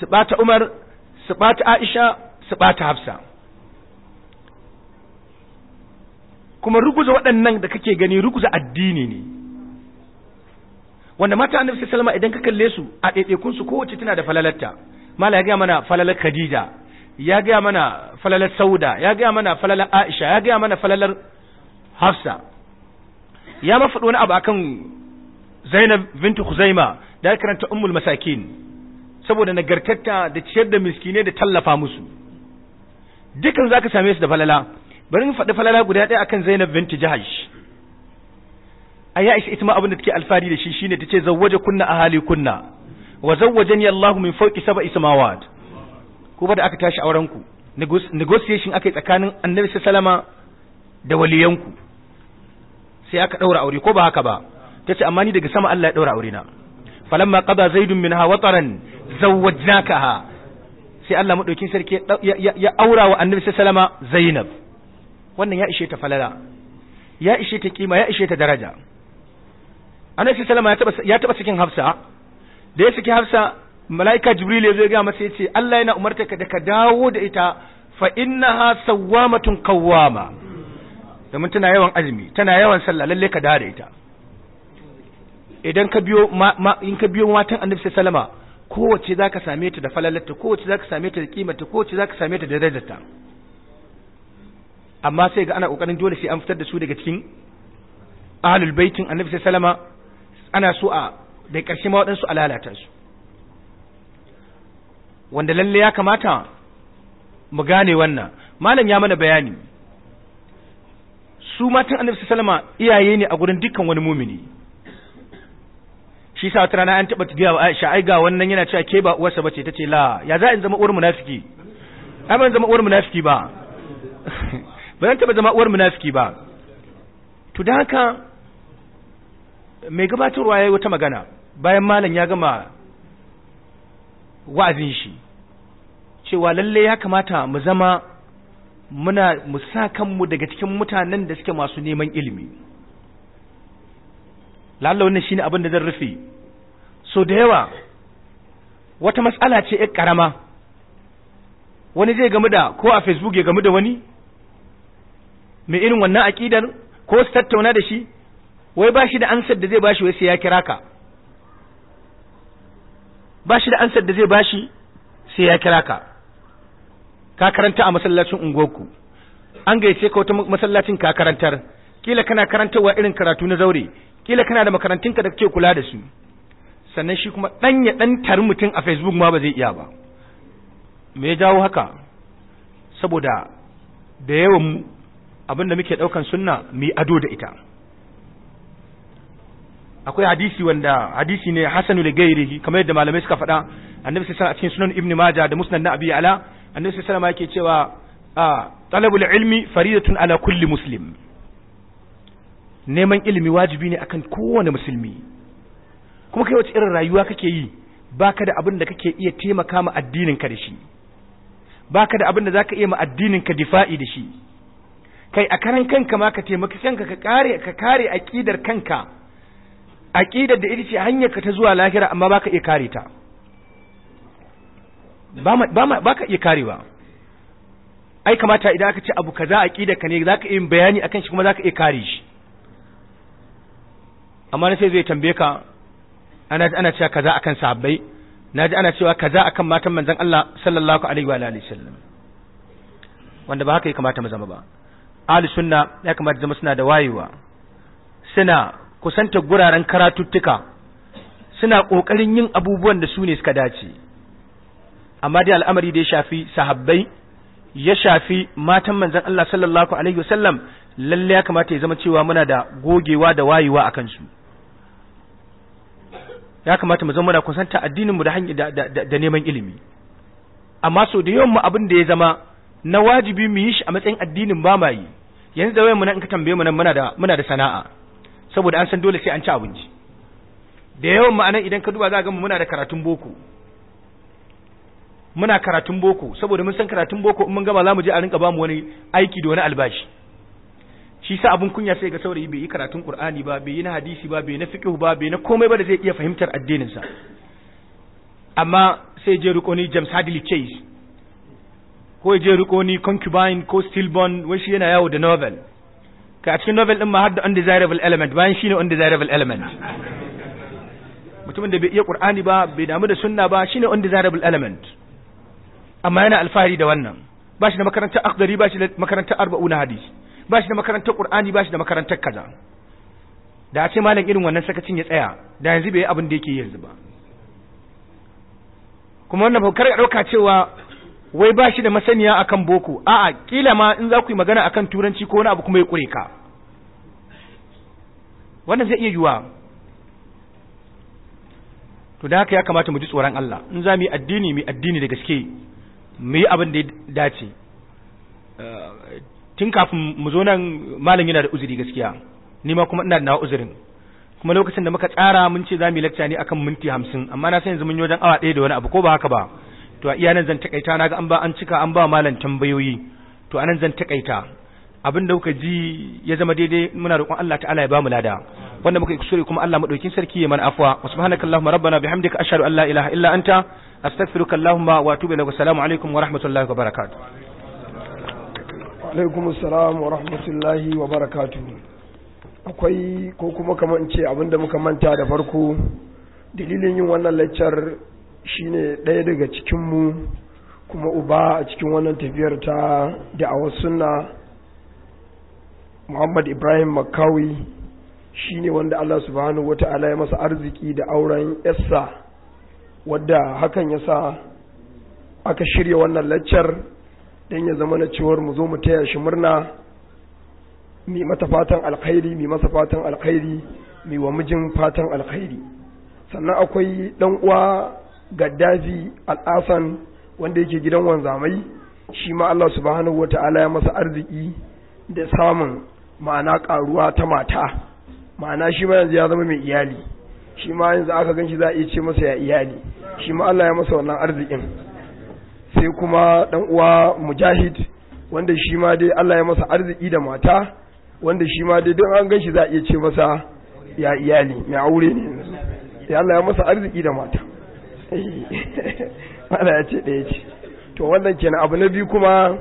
su bata umar su bata aisha su bata hafsa kuma ruguza waɗannan da kake gani ruguza addini ne wanda mata annabi sallallahu idan ka kalle su a ɗaiɗaikun su kowace tana da falalarta mala ya gaya mana falalar khadija ya gaya mana falalar sauda ya gaya mana falalar aisha ya gaya mana falalar hafsa ya ma faɗo wani abu akan zainab bintu khuzaima da karanta ummul masakin saboda nagartatta da ciyar da miskine da tallafa musu dukan zaka same su da falala bari mu faɗi falala guda ɗaya akan Zainab binti Jahash ai Aisha ita ma abin da take alfari da shi shine tace zawwaja kunna ahali kunna wa zawwajani Allahu min fawqi sab'i samawat ko ba da aka tashi auren ku negotiation akai tsakanin Annabi sallama da waliyanku sai aka daura aure ko ba haka ba tace amma ni daga sama Allah ya daura aure na falamma qada zaidun minha wataran zawwajnakaha sai Allah madaukin sarki ya aura wa Annabi sallama Zainab wannan ya ishe ta falala ya ishe ta kima ya ishe ta daraja annabi sallama ya taba ya taba cikin hafsa da ya saki hafsa malaika jibril ya zo ga masa yace Allah yana umarta ka da ka dawo da ita fa innaha sawwamatun qawwama domin tana yawan azumi tana yawan sallah lalle ka dawo da ita idan ka biyo in ka biyo matan annabi sallama kowace zaka same ta da falalarta kowace zaka same ta da kimarta kowace zaka same ta da darajarta amma sai ga ana kokarin dole sai an fitar da su daga cikin ahlul baitin annabi sai salama ana so a da karshe ma wadansu alalatan su wanda lalle ya kamata mu gane wannan malam ya mana bayani su matan annabi salama iyaye ne a gurin dukkan wani mumini shi sa wata an taba tafiya wa Aisha ai ga wannan yana cewa ke ba uwarsa bace tace la ya za in zama uwar munafiki ai ban zama uwar munafiki ba ba zan taɓa zama uwar munafiki ba to da haka mai gabatarwa ya yi wata magana bayan malam ya gama wa'azin shi cewa lalle ya kamata mu zama muna sa kanmu daga cikin mutanen da suke masu neman ilimi lalle wannan shine abin da zan rufe so da yawa wata matsala ce ƴar karama wani zai gamu da ko a facebook ya gamu da wani mai irin wannan aƙidar ko su tattauna da shi wai ba shi da ansar da zai ba shi wai sai ya kira ka ba shi da ansar da zai ba shi sai ya kira ka ka karanta a masallacin unguwarku an gayyace ka wata masallacin ka karantar kila kana karantarwa irin karatu na zaure kila kana da makarantunka da kake kula da su sannan shi kuma dan ya dan tar mutum a Facebook ma ba zai iya ba me ya jawo haka saboda da yawan Abin da muke daukan sunna mu yi ado da ita akwai hadisi wanda hadisi ne hasanu li ghairihi kamar yadda malamai suka faɗa annabi sallallahu alaihi cikin sunan majah da musnad na abi ala annabi sallallahu alaihi yake cewa talabul ilmi faridatun ala kulli muslim neman ilimi wajibi ne akan kowane musulmi kuma kai wace irin rayuwa kake yi baka da abin da kake iya taimaka ma addinin ka da shi baka da abin da zaka iya ma addinin ka difa'i da shi kai a karan kanka ma ka taimaki kanka ka kare ka kare aqidar kanka aqidar da ita ce hanyar ka ta zuwa lahira amma baka iya kare ta ba ba baka iya karewa ai kamata idan aka ce abu kaza aqidar ka ne zaka yi bayani akan shi kuma zaka iya kare shi amma na sai zai tambaye ka ana ana cewa kaza akan sahabbai naji ana cewa kaza akan matan manzon Allah sallallahu alaihi wa alihi wasallam wanda ba haka ya kamata mu zama ba ahli sunna ya kamata zama suna da wayewa suna kusanta guraren karatuttuka suna kokarin yin abubuwan da su ne suka dace amma dai al'amari da ya shafi sahabbai ya shafi matan manzon Allah sallallahu alaihi wasallam lalle ya kamata ya zama cewa muna da gogewa da wayewa a kansu ya kamata mu zama muna kusanta addininmu da hanyar da neman ilimi amma so da yawan mu abin da ya zama na wajibi mu yi shi a matsayin addinin ba mai yanzu da wayanmu nan in ka tambaye mu nan muna da muna da sana'a saboda an san dole sai an ci abinci da yawan mu idan ka duba za ga mu muna da karatun boko muna karatun boko saboda mun san karatun boko in mun gama za mu je a rinka mu wani aiki da wani albashi shi sa abun kunya sai ga saurayi bai yi karatun qur'ani ba bai yi na hadisi ba bai na fiqh ba bai na komai ba da zai iya fahimtar addinin sa amma sai je ruƙoni James Hadley Chase ko ya je riko ni concubine ko stillborn wai shi yana yawo da novel ka a cikin novel din ma har da undesirable element bayan shine undesirable element mutumin da bai iya qur'ani ba bai damu da sunna ba shine undesirable element amma yana alfahari da wannan ba shi da makarantar akhdari ba shi da makarantar arba'una hadis ba shi da makarantar qur'ani ba shi da makarantar kaza da a ce malam irin wannan sakacin ya tsaya da yanzu bai yi abin da yake yanzu ba kuma wannan ba kar ka dauka cewa wai ba shi da masaniya akan boko a'a kila ma in za ku yi magana akan turanci ko wani abu kuma ya kure ka wannan zai iya yiwuwa to da haka ya kamata mu ji tsoron Allah in za mu yi addini mu yi addini da gaske mu yi abin da ya dace eh, tun kafin mu zo nan malam yana da uzuri gaskiya ni ma kuma ina da nawa uzurin kuma lokacin da muka tsara mun ce za mu yi lakca ne akan minti hamsin amma na san yanzu mun yi wajen awa ɗaya da wani abu ko ba haka ba to a iya nan zan takaita naga an ba an cika an ba malam tambayoyi to anan zan takaita abinda kuka ji ya zama daidai muna roƙon Allah ta'ala ya ba mu lada wanda muka kusure kuma Allah madaukin sarki ya mana afwa wa subhanaka allahumma rabbana bihamdika ashhadu an la ilaha illa anta astaghfiruka allahumma wa atubu ilaik assalamu alaikum wa rahmatullahi wa barakatuh wa alaikum assalam wa rahmatullahi wa barakatuh akwai ko kuma kamar in ce abinda muka manta da farko dalilin yin wannan lecture Shi ne ɗaya daga cikinmu kuma uba a cikin wannan tafiyar ta da'awar sunna muhammad ibrahim makawi shi ne wanda allah subhanahu wata'ala ya masa arziki da auren yassa wadda hakan ya sa aka shirya wannan laccar don ya zama na cewar mu zo mu taya shi murna mai mata fatan alkhairi mai masa fatan alkhairi mai wa mijin fatan alkhairi sannan akwai ɗan uwa gaddafi al'asan wanda yake gidan wanzamai shi ma Allah subhanahu wata'ala ya masa arziki da samun ma'ana karuwa ta mata ma'ana shi ma yanzu ya zama mai iyali shi ma yanzu aka ganshi za a iya ce masa ya iyali shi ma Allah ya masa wannan arzikin sai kuma dan uwa mujahid wanda shi ma dai Allah ya masa arziki da mata wanda shi ma dai don an ganshi za a iya ce masa ya iyali mai aure ne sai Allah ya masa arziki da mata mana ya ce ɗaya ce to wannan kenan abu na biyu kuma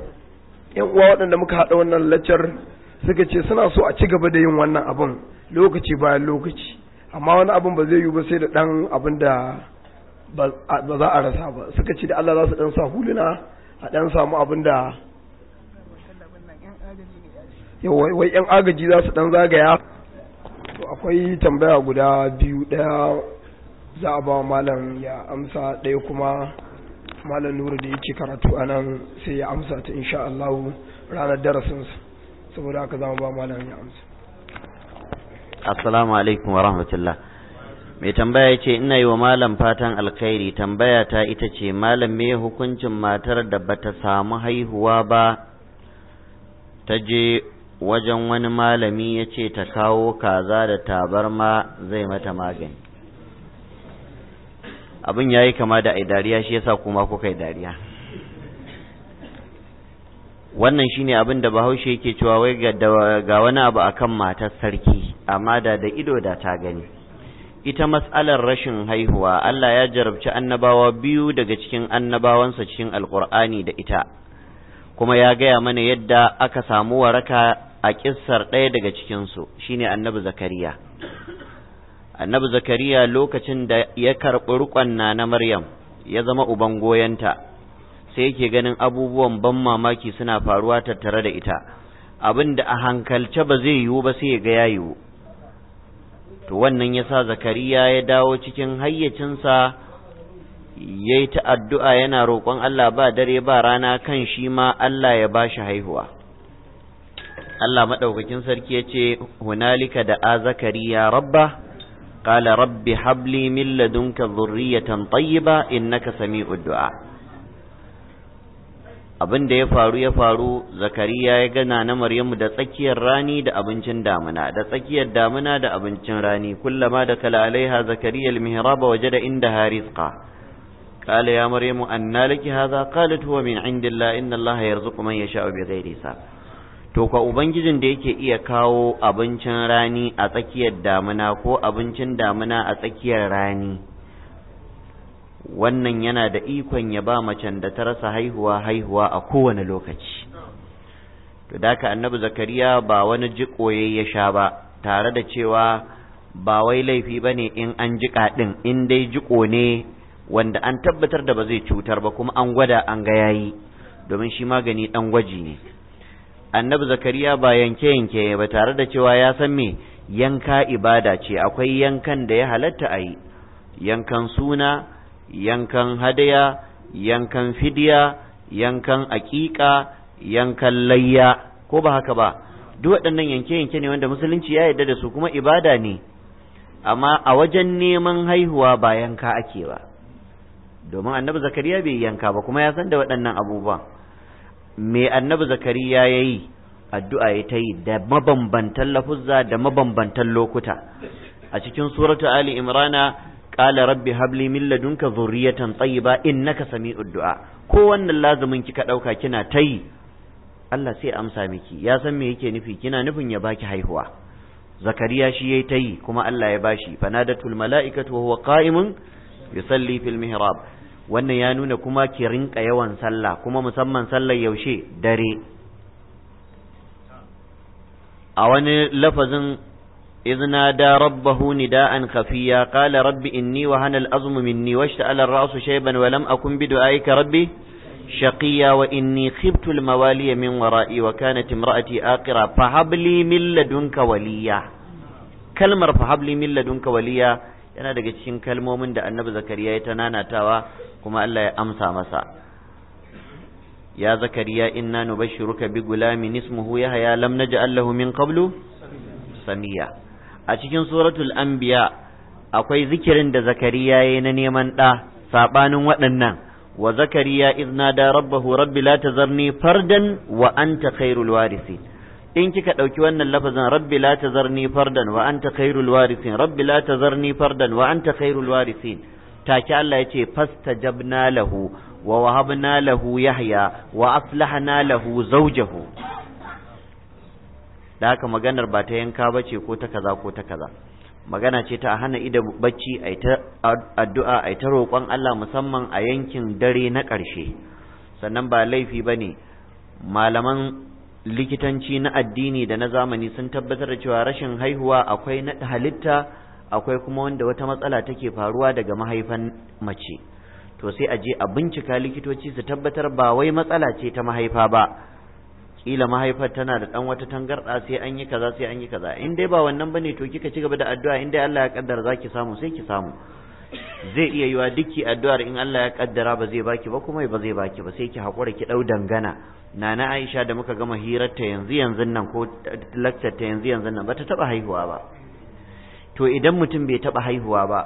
yan uwa waɗanda muka haɗa wannan laccar suka ce suna so a ci gaba da yin wannan abin lokaci bayan lokaci amma wani abin ba zai yiwu ba sai da ɗan abin da ba za a rasa ba suka ce da Allah za su ɗan sa huluna a ɗan samu abin da wai yan agaji za su ɗan zagaya to akwai tambaya guda biyu ɗaya za a ba malam ya amsa ɗaya kuma malam nuru da yake karatu a nan sai ya amsa ta insha Allah ranar darasinsa saboda haka za mu ba malam ya amsa assalamu alaikum wa rahmatullah mai tambaya ce ina yi wa malam fatan alkhairi tambaya ta ita ce malam me hukuncin matar da bata samu haihuwa ba ta je wajen wani malami ya ce ta kawo kaza da tabarma zai mata magani abin ya yi kama da ai dariya shi yasa kuma kuka yi dariya wannan shine abin da bahaushe yake cewa wai ga wani abu akan matar sarki amma da da ido da ta gani ita matsalar rashin haihuwa Allah ya jarabci annabawa biyu daga cikin annabawansa cikin alkur'ani da ita kuma ya gaya mana yadda aka samu waraka a kissar ɗaya daga cikinsu shine annabi zakariya annabi zakariya lokacin da ya karɓi rukon na na maryam ya zama uban goyonta sai yake ganin abubuwan ban mamaki suna faruwa tattare da ita abin da a hankalce ba zai yiwu ba sai ya ga ya yiwu to wannan ya sa zakariya ya dawo cikin hayyacinsa ya yi ta addu'a yana roƙon Allah ba dare ba rana kan shi ma Allah ya ba shi haihuwa. Allah maɗaukakin sarki ya ce, Hunalika da a zakariya rabba, قال رب هب لي من لدنك ذرية طيبة إنك سميع الدعاء abin da ya faru ya faru zakariya ya gana na maryamu da tsakiyar rani da abincin damuna da tsakiyar damuna da abincin rani kullama da kala alaiha zakariya almihraba wajada indaha rizqa qala ya maryamu anna laki hadha qalat huwa min indillah inna allaha yarzuqu man yasha'u bighairi hisab to kwa ubangijin da yake iya kawo abincin rani a tsakiyar damuna ko abincin damuna a tsakiyar rani wannan yana da ikon ya ba macen da ta rasa haihuwa haihuwa a kowane lokaci to da ka annabi zakariya ba wani jiƙoye ya sha ba tare da cewa ba wai laifi ba ne in an jiƙa ɗin in dai jiƙo ne wanda an tabbatar da ba zai cutar ba kuma an gwada an ga yayi domin shi magani ɗan gwaji ne annabi zakariya ba yanke yanke ba tare da cewa ya san me yanka ibada ce akwai yankan da ya halatta a yi yankan suna yankan hadaya yankan fidiya yankan aƙiƙa yankan layya ko ba haka ba duk waɗannan yanke yanke ne wanda musulunci ya yarda da su kuma ibada ne amma a wajen neman haihuwa ba yanka ake ba domin annabi zakariya bai yanka ba kuma ya san da waɗannan abubuwan me annabi zakariya ya yi addu'a ya ta yi da mabambantan lafuzza da mabambantan lokuta a cikin suratu ali imrana ƙala rabbi habli min ladunka ba in naka sami addu'a ko wannan lazumin kika ɗauka kina ta yi Allah sai amsa miki ya san me yake nufi kina nufin ya baki haihuwa zakariya shi ya ta yi kuma Allah ya bashi fanadatul mala'ikatu wa huwa qa'imun yusalli fil mihrab wannan ya nuna kuma ki rinka yawan sallah kuma musamman sallar yaushe dare a wani lafazin izna da rabbahu nida'an khafiya qala rabbi inni wa hanal azmu minni washta'ala ar-ra'su shayban wa lam akun bi du'aika rabbi shaqiya wa inni khiftu al-mawaliya min wara'i wa kanat imra'ati aqira fahabli min ladunka waliya kalmar fahabli min ladunka waliya yana daga cikin kalmomin da annabi zakariya ya ta nanatawa kuma Allah ya amsa masa ya zakariya inna nubashshiruka bi gulamin ismuhu yahya lam naj'al lahu min qablu samiya a cikin suratul anbiya akwai zikirin da zakariya yayi na neman da sabanin waɗannan wa zakariya idh nada rabbahu rabbi la tazarni fardan wa anta khairul warisin in kika ɗauki wannan lafazin rabbi la tazarni fardan wa anta khairul warisin rabbi la tazarni fardan wa anta khairul warisin take Allah yace fastajabna lahu wa wahabna lahu yahya wa aslahna lahu zawjahu da haka maganar ba ta yanka bace ko ta kaza ko ta kaza magana ce ta hana ida bacci a ta addu'a a ta roƙon Allah musamman a yankin dare na ƙarshe sannan ba laifi bane malaman likitanci na addini da na zamani sun tabbatar da cewa rashin haihuwa akwai na halitta akwai kuma wanda wata matsala take faruwa daga mahaifan mace to sai a je a bincika likitoci su tabbatar ba wai matsala ce ta mahaifa ba kila mahaifar tana da dan wata tangarda sai an yi kaza sai an yi kaza in dai ba wannan bane to kika ci gaba da addu'a in dai Allah ya kaddara zaki samu sai ki samu zai iya yiwa duki addu'ar in Allah ya kaddara ba zai baki ba kuma ba zai baki ba sai ki hakura ki dau dangana nana Aisha da muka gama hirarta yanzu yanzu nan ko lakcar ta yanzu yanzu nan bata taba haihuwa ba to idan mutum bai taba haihuwa ba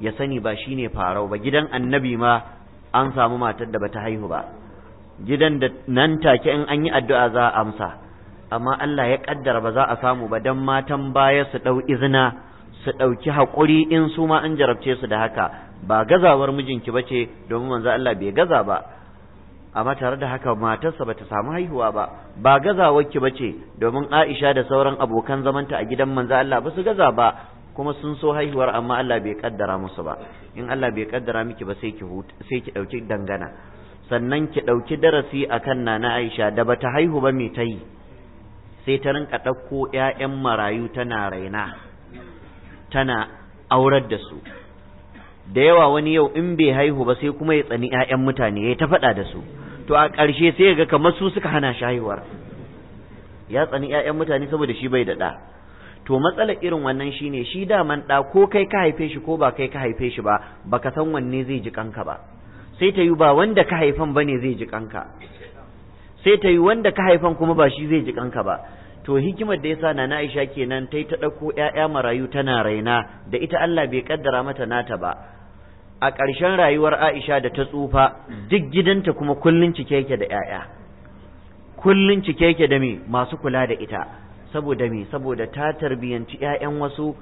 ya sani ba shine farau ba gidan annabi ma an samu matar da bata haihu ba gidan da nan take in an yi addu'a za a amsa amma Allah ya kaddara ba za a samu ba dan matan baya su dau izina su dauki hakuri in su ma an jarabce su da haka ba gazawar mijinki bace domin manzo Allah bai gaza ba amma tare da haka matarsa bata samu haihuwa ba ba gazawarki bace domin Aisha da sauran abokan zamanta a gidan manzo Allah ba su gaza ba kuma sun so haihuwar amma Allah bai kaddara musu ba in Allah bai kaddara miki ba sai ki sai ki dauki dangana sannan ki dauki darasi akan nana Aisha da bata haihu ba me tayi sai ta rinka ɗauko ƴaƴan marayu tana raina tana aurar da su da yawa wani yau in bai haihu ba sai kuma ya tsani ƴaƴan mutane ya ta faɗa da su to a ƙarshe sai ga kamar su suka hana shi haihuwar ya tsani ƴaƴan mutane saboda shi bai da ɗa to matsalar irin wannan shine shi da man ɗa ko kai ka haife shi ko ba kai ka haife shi ba baka san wanne zai ji kanka ba sai ta yi ba wanda ka haifan bane zai ji kanka sai ta yi wanda ka haifan kuma ba shi zai ji kanka ba to hikimar da yasa nana Aisha kenan tai ta ɗauko ƴaƴa marayu tana raina da ita Allah bai kaddara mata nata ba a ƙarshen rayuwar Aisha da ta tsufa duk gidanta kuma kullun cike yake da ‘ya'ya, kullun cike yake da me masu kula da ita, saboda me saboda ta tarbiyyanci ‘ya'yan wasu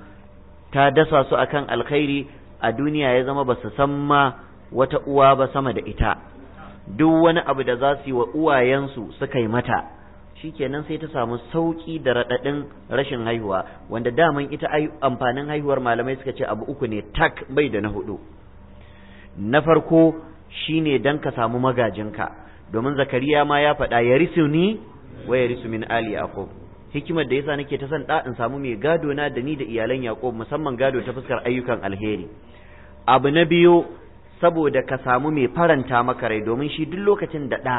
ta dasa su akan alkhairi a duniya ya zama ba su san ma wata uwa ba sama da ita, duk wani abu da za su yi wa uwayensu suka yi mata. shikenan sai ta samu sauki da raɗaɗin rashin haihuwa wanda daman ita amfanin haihuwar malamai suka ce abu uku ne tak bai da na hudu na farko shine dan ka samu magajinka domin zakariya ma ya faɗa ya wa ya risu min ali yaqub hikimar da yasa nake ta san da in samu mai gado na da ni da iyalan yaqub musamman gado ta fuskar ayyukan alheri abu na biyo, saboda ka samu mai faranta maka rai domin shi duk lokacin da ɗa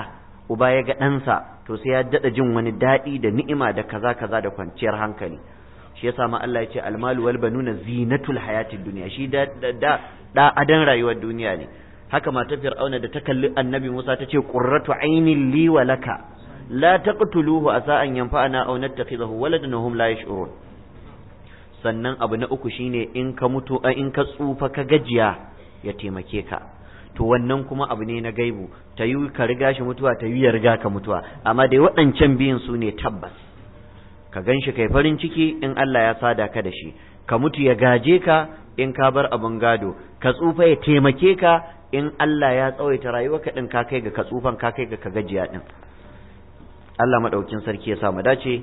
uba ya ga ɗansa to sai ya daɗa jin wani daɗi da ni'ima da kaza kaza da kwanciyar hankali shi yasa ma Allah ya ce almalu wal banuna zinatul hayatid dunya shi da da adan rayuwar duniya ne haka mata fir'auna da ta kalli annabi Musa ta ce qurratu ainin li wa laka la taqtuluhu asa an yanfa'ana aw nattakhidahu waladan hum la yash'urun sannan abu na uku shine in ka mutu in ka tsufa ka gajiya ya taimake ka to wannan kuma abu ne na gaibu ta yi ka riga shi mutuwa ta yi ya riga ka mutuwa amma dai waɗancan biyun su ne tabbas ka gan shi kai farin ciki in Allah ya sada ka da shi ka mutu ya gaje ka in ka bar abin gado ka tsufa ya taimake ka in Allah ya tsawaita rayuwarka din ka kai ga ka tsufan ka kai ga ka gajiya din Allah madaukin sarki ya sa mu dace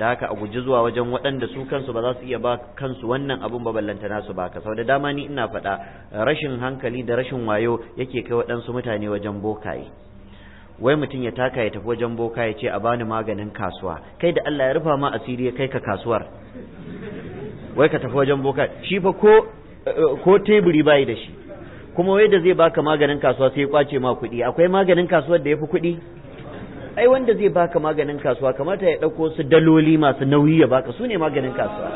da haka a guji zuwa wajen waɗanda su kansu ba za su iya ba kansu wannan abun ba ballanta nasu ba ka sau da dama ni ina faɗa rashin hankali da rashin wayo yake kai waɗansu mutane wajen bokaye wai mutum ya taka ya tafi wajen boka ya ce a bani maganin kasuwa kai da Allah ya rufa ma asiri ya kai ka kasuwar wai ka tafi wajen boka shi fa ko ko teburi bai da shi kuma wai da zai baka maganin kasuwa sai ya kwace ma kuɗi akwai maganin kasuwar da fi kuɗi ai wanda zai baka maganin kasuwa kamata ya ɗauko su daloli masu nauyi ya baka su ne maganin kasuwa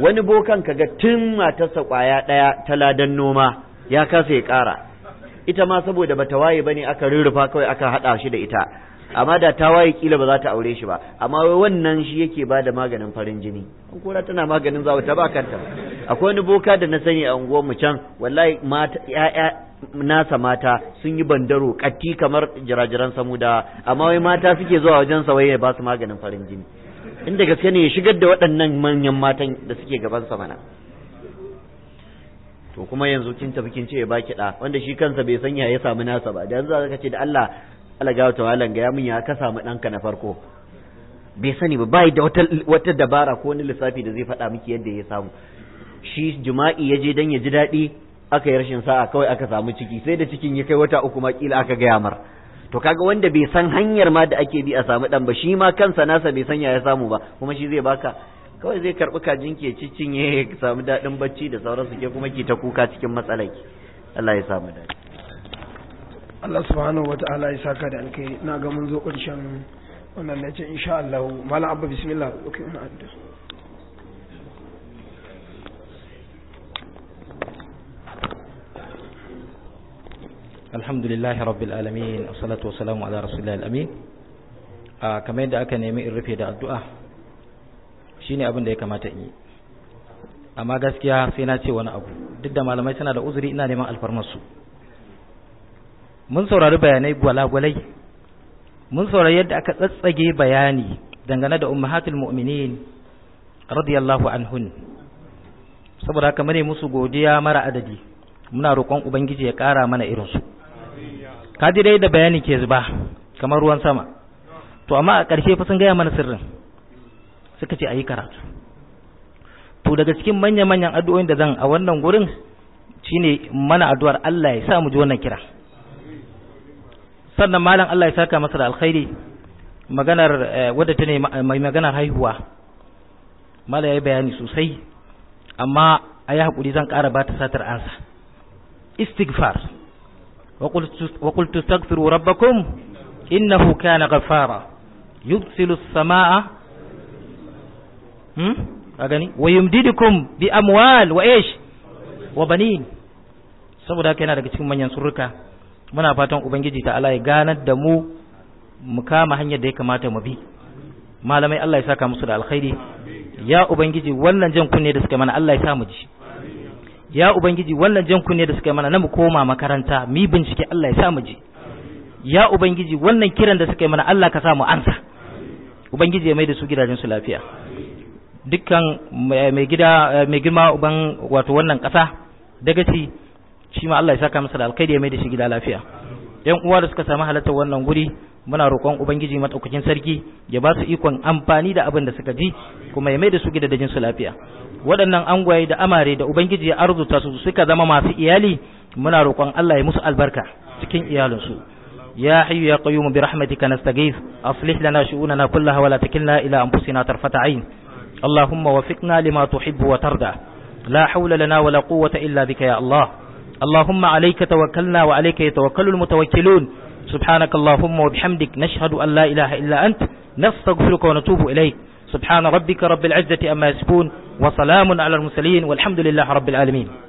wani bokan kaga tun matarsa kwaya ɗaya ta ladan noma ya kasa ya kara. ita ma saboda bata waye bane aka rurrufa kawai aka hada shi da ita amma da ta waye kila ba za ta aure shi ba amma wannan shi yake ba da maganin farin jini an kora tana maganin zawo ta ba kanta akwai wani boka da na sani a unguwar mu can wallahi mata ya'ya nasa mata sun yi bandaro katti kamar jirajiran samuda amma wai mata suke zuwa wajen sa wai ba su maganin farin jini inda gaske ne ya shigar da waɗannan manyan matan da suke gaban sa mana to kuma yanzu kin tafi kin ce ya baki da wanda shi kansa bai san ya samu nasa ba dan za ka ce da Allah Allah ga tawalan ga ya mun ya ka samu ka na farko bai sani ba bai da wata wata dabara ko wani lissafi da zai faɗa miki yadda ya samu shi jima'i ya je dan ya ji daɗi aka yi rashin sa'a kawai aka samu ciki sai da cikin ya kai wata uku ma kila aka gaya mar to kaga wanda bai san hanyar ma da ake bi a samu dan ba shi ma kansa nasa bai san ya samu ba kuma shi zai baka kawai zai karɓi kajin ke cicinye ya samu daɗin bacci da sauransu ke kuma ki ta kuka cikin matsalaki. Allah ya samu daɗi Allah subhanahu wa ta'ala ya saka da alkai na ga mun zo ƙarshen wannan na ce insha Allah malam abba bismillah okay ina addu'a alhamdulillahi rabbil alamin wassalatu wassalamu ala rasulillahi alamin ah, kamar yadda aka nemi in rufe da addu'a shine abin da ya kamata in yi amma gaskiya sai na ce wani abu duk da malamai suna da uzuri ina neman su mun saurari bayanai gwalagwalai mun saurari yadda aka tsatsage bayani dangane da ummahatul mu'minin radiyallahu anhun saboda haka mune musu godiya mara adadi muna roƙon ubangiji ya ƙara mana irin su ji dai da bayani ke zuba kamar ruwan sama to amma a ƙarshe fa sun gaya mana sirrin suka ce a yi karatu to daga cikin manya-manyan addu'o'in da zan a wannan gurin shine mana addu'ar Allah ya sa mu ji wannan kira sannan malam Allah ya saka masa da alkhairi maganar eh, wadda ta ne mai maganar haihuwa malam ya yi bayani sosai amma a yi haƙuri zan ƙara ba ta satar ansa istighfar wa rabbakum innahu kana ghaffara yubsilu samaa hmm agani gani wa yumdidukum bi amwal wa ish wa banin saboda haka yana daga cikin manyan surruka muna fatan ubangiji ta Allah ya ganar da mu mu kama hanyar da ya kamata mu bi malamai Allah ya saka musu da alkhairi ya ubangiji wannan jan kunne da suka mana Allah ya sa mu ji ya ubangiji wannan jan kunne da suka mana na mu koma makaranta mi bincike Allah ya sa mu ji ya ubangiji wannan kiran da suka mana Allah ka sa mu ansa ubangiji ya mai da su gidajen su lafiya dukkan mai gida eh, mai girma uban wato wannan ƙasa dagaci shi ma Allah ya saka masa da alkhairi ya mai da shi gida lafiya yan uwa da suka samu halartar wannan guri muna roƙon ubangiji madaukakin sarki ya ba su ikon amfani da abin da suka ji kuma ya mai da su gidajen su lafiya waɗannan angwaye da amare da ubangiji ya arzuta su suka zama masu iyali muna roƙon Allah ya musu albarka cikin iyalinsu يا حي يا قيوم برحمتك نستغيث أصلح لنا شؤوننا كلها ولا تكلنا إلى أنفسنا طرفة عين اللهم وفقنا لما تحب وترضى لا حول لنا ولا قوة إلا بك يا الله اللهم عليك توكلنا وعليك يتوكل المتوكلون سبحانك اللهم وبحمدك نشهد أن لا إله إلا أنت نستغفرك ونتوب إليك سبحان ربك رب العزة أما يسبون وسلام على المرسلين والحمد لله رب العالمين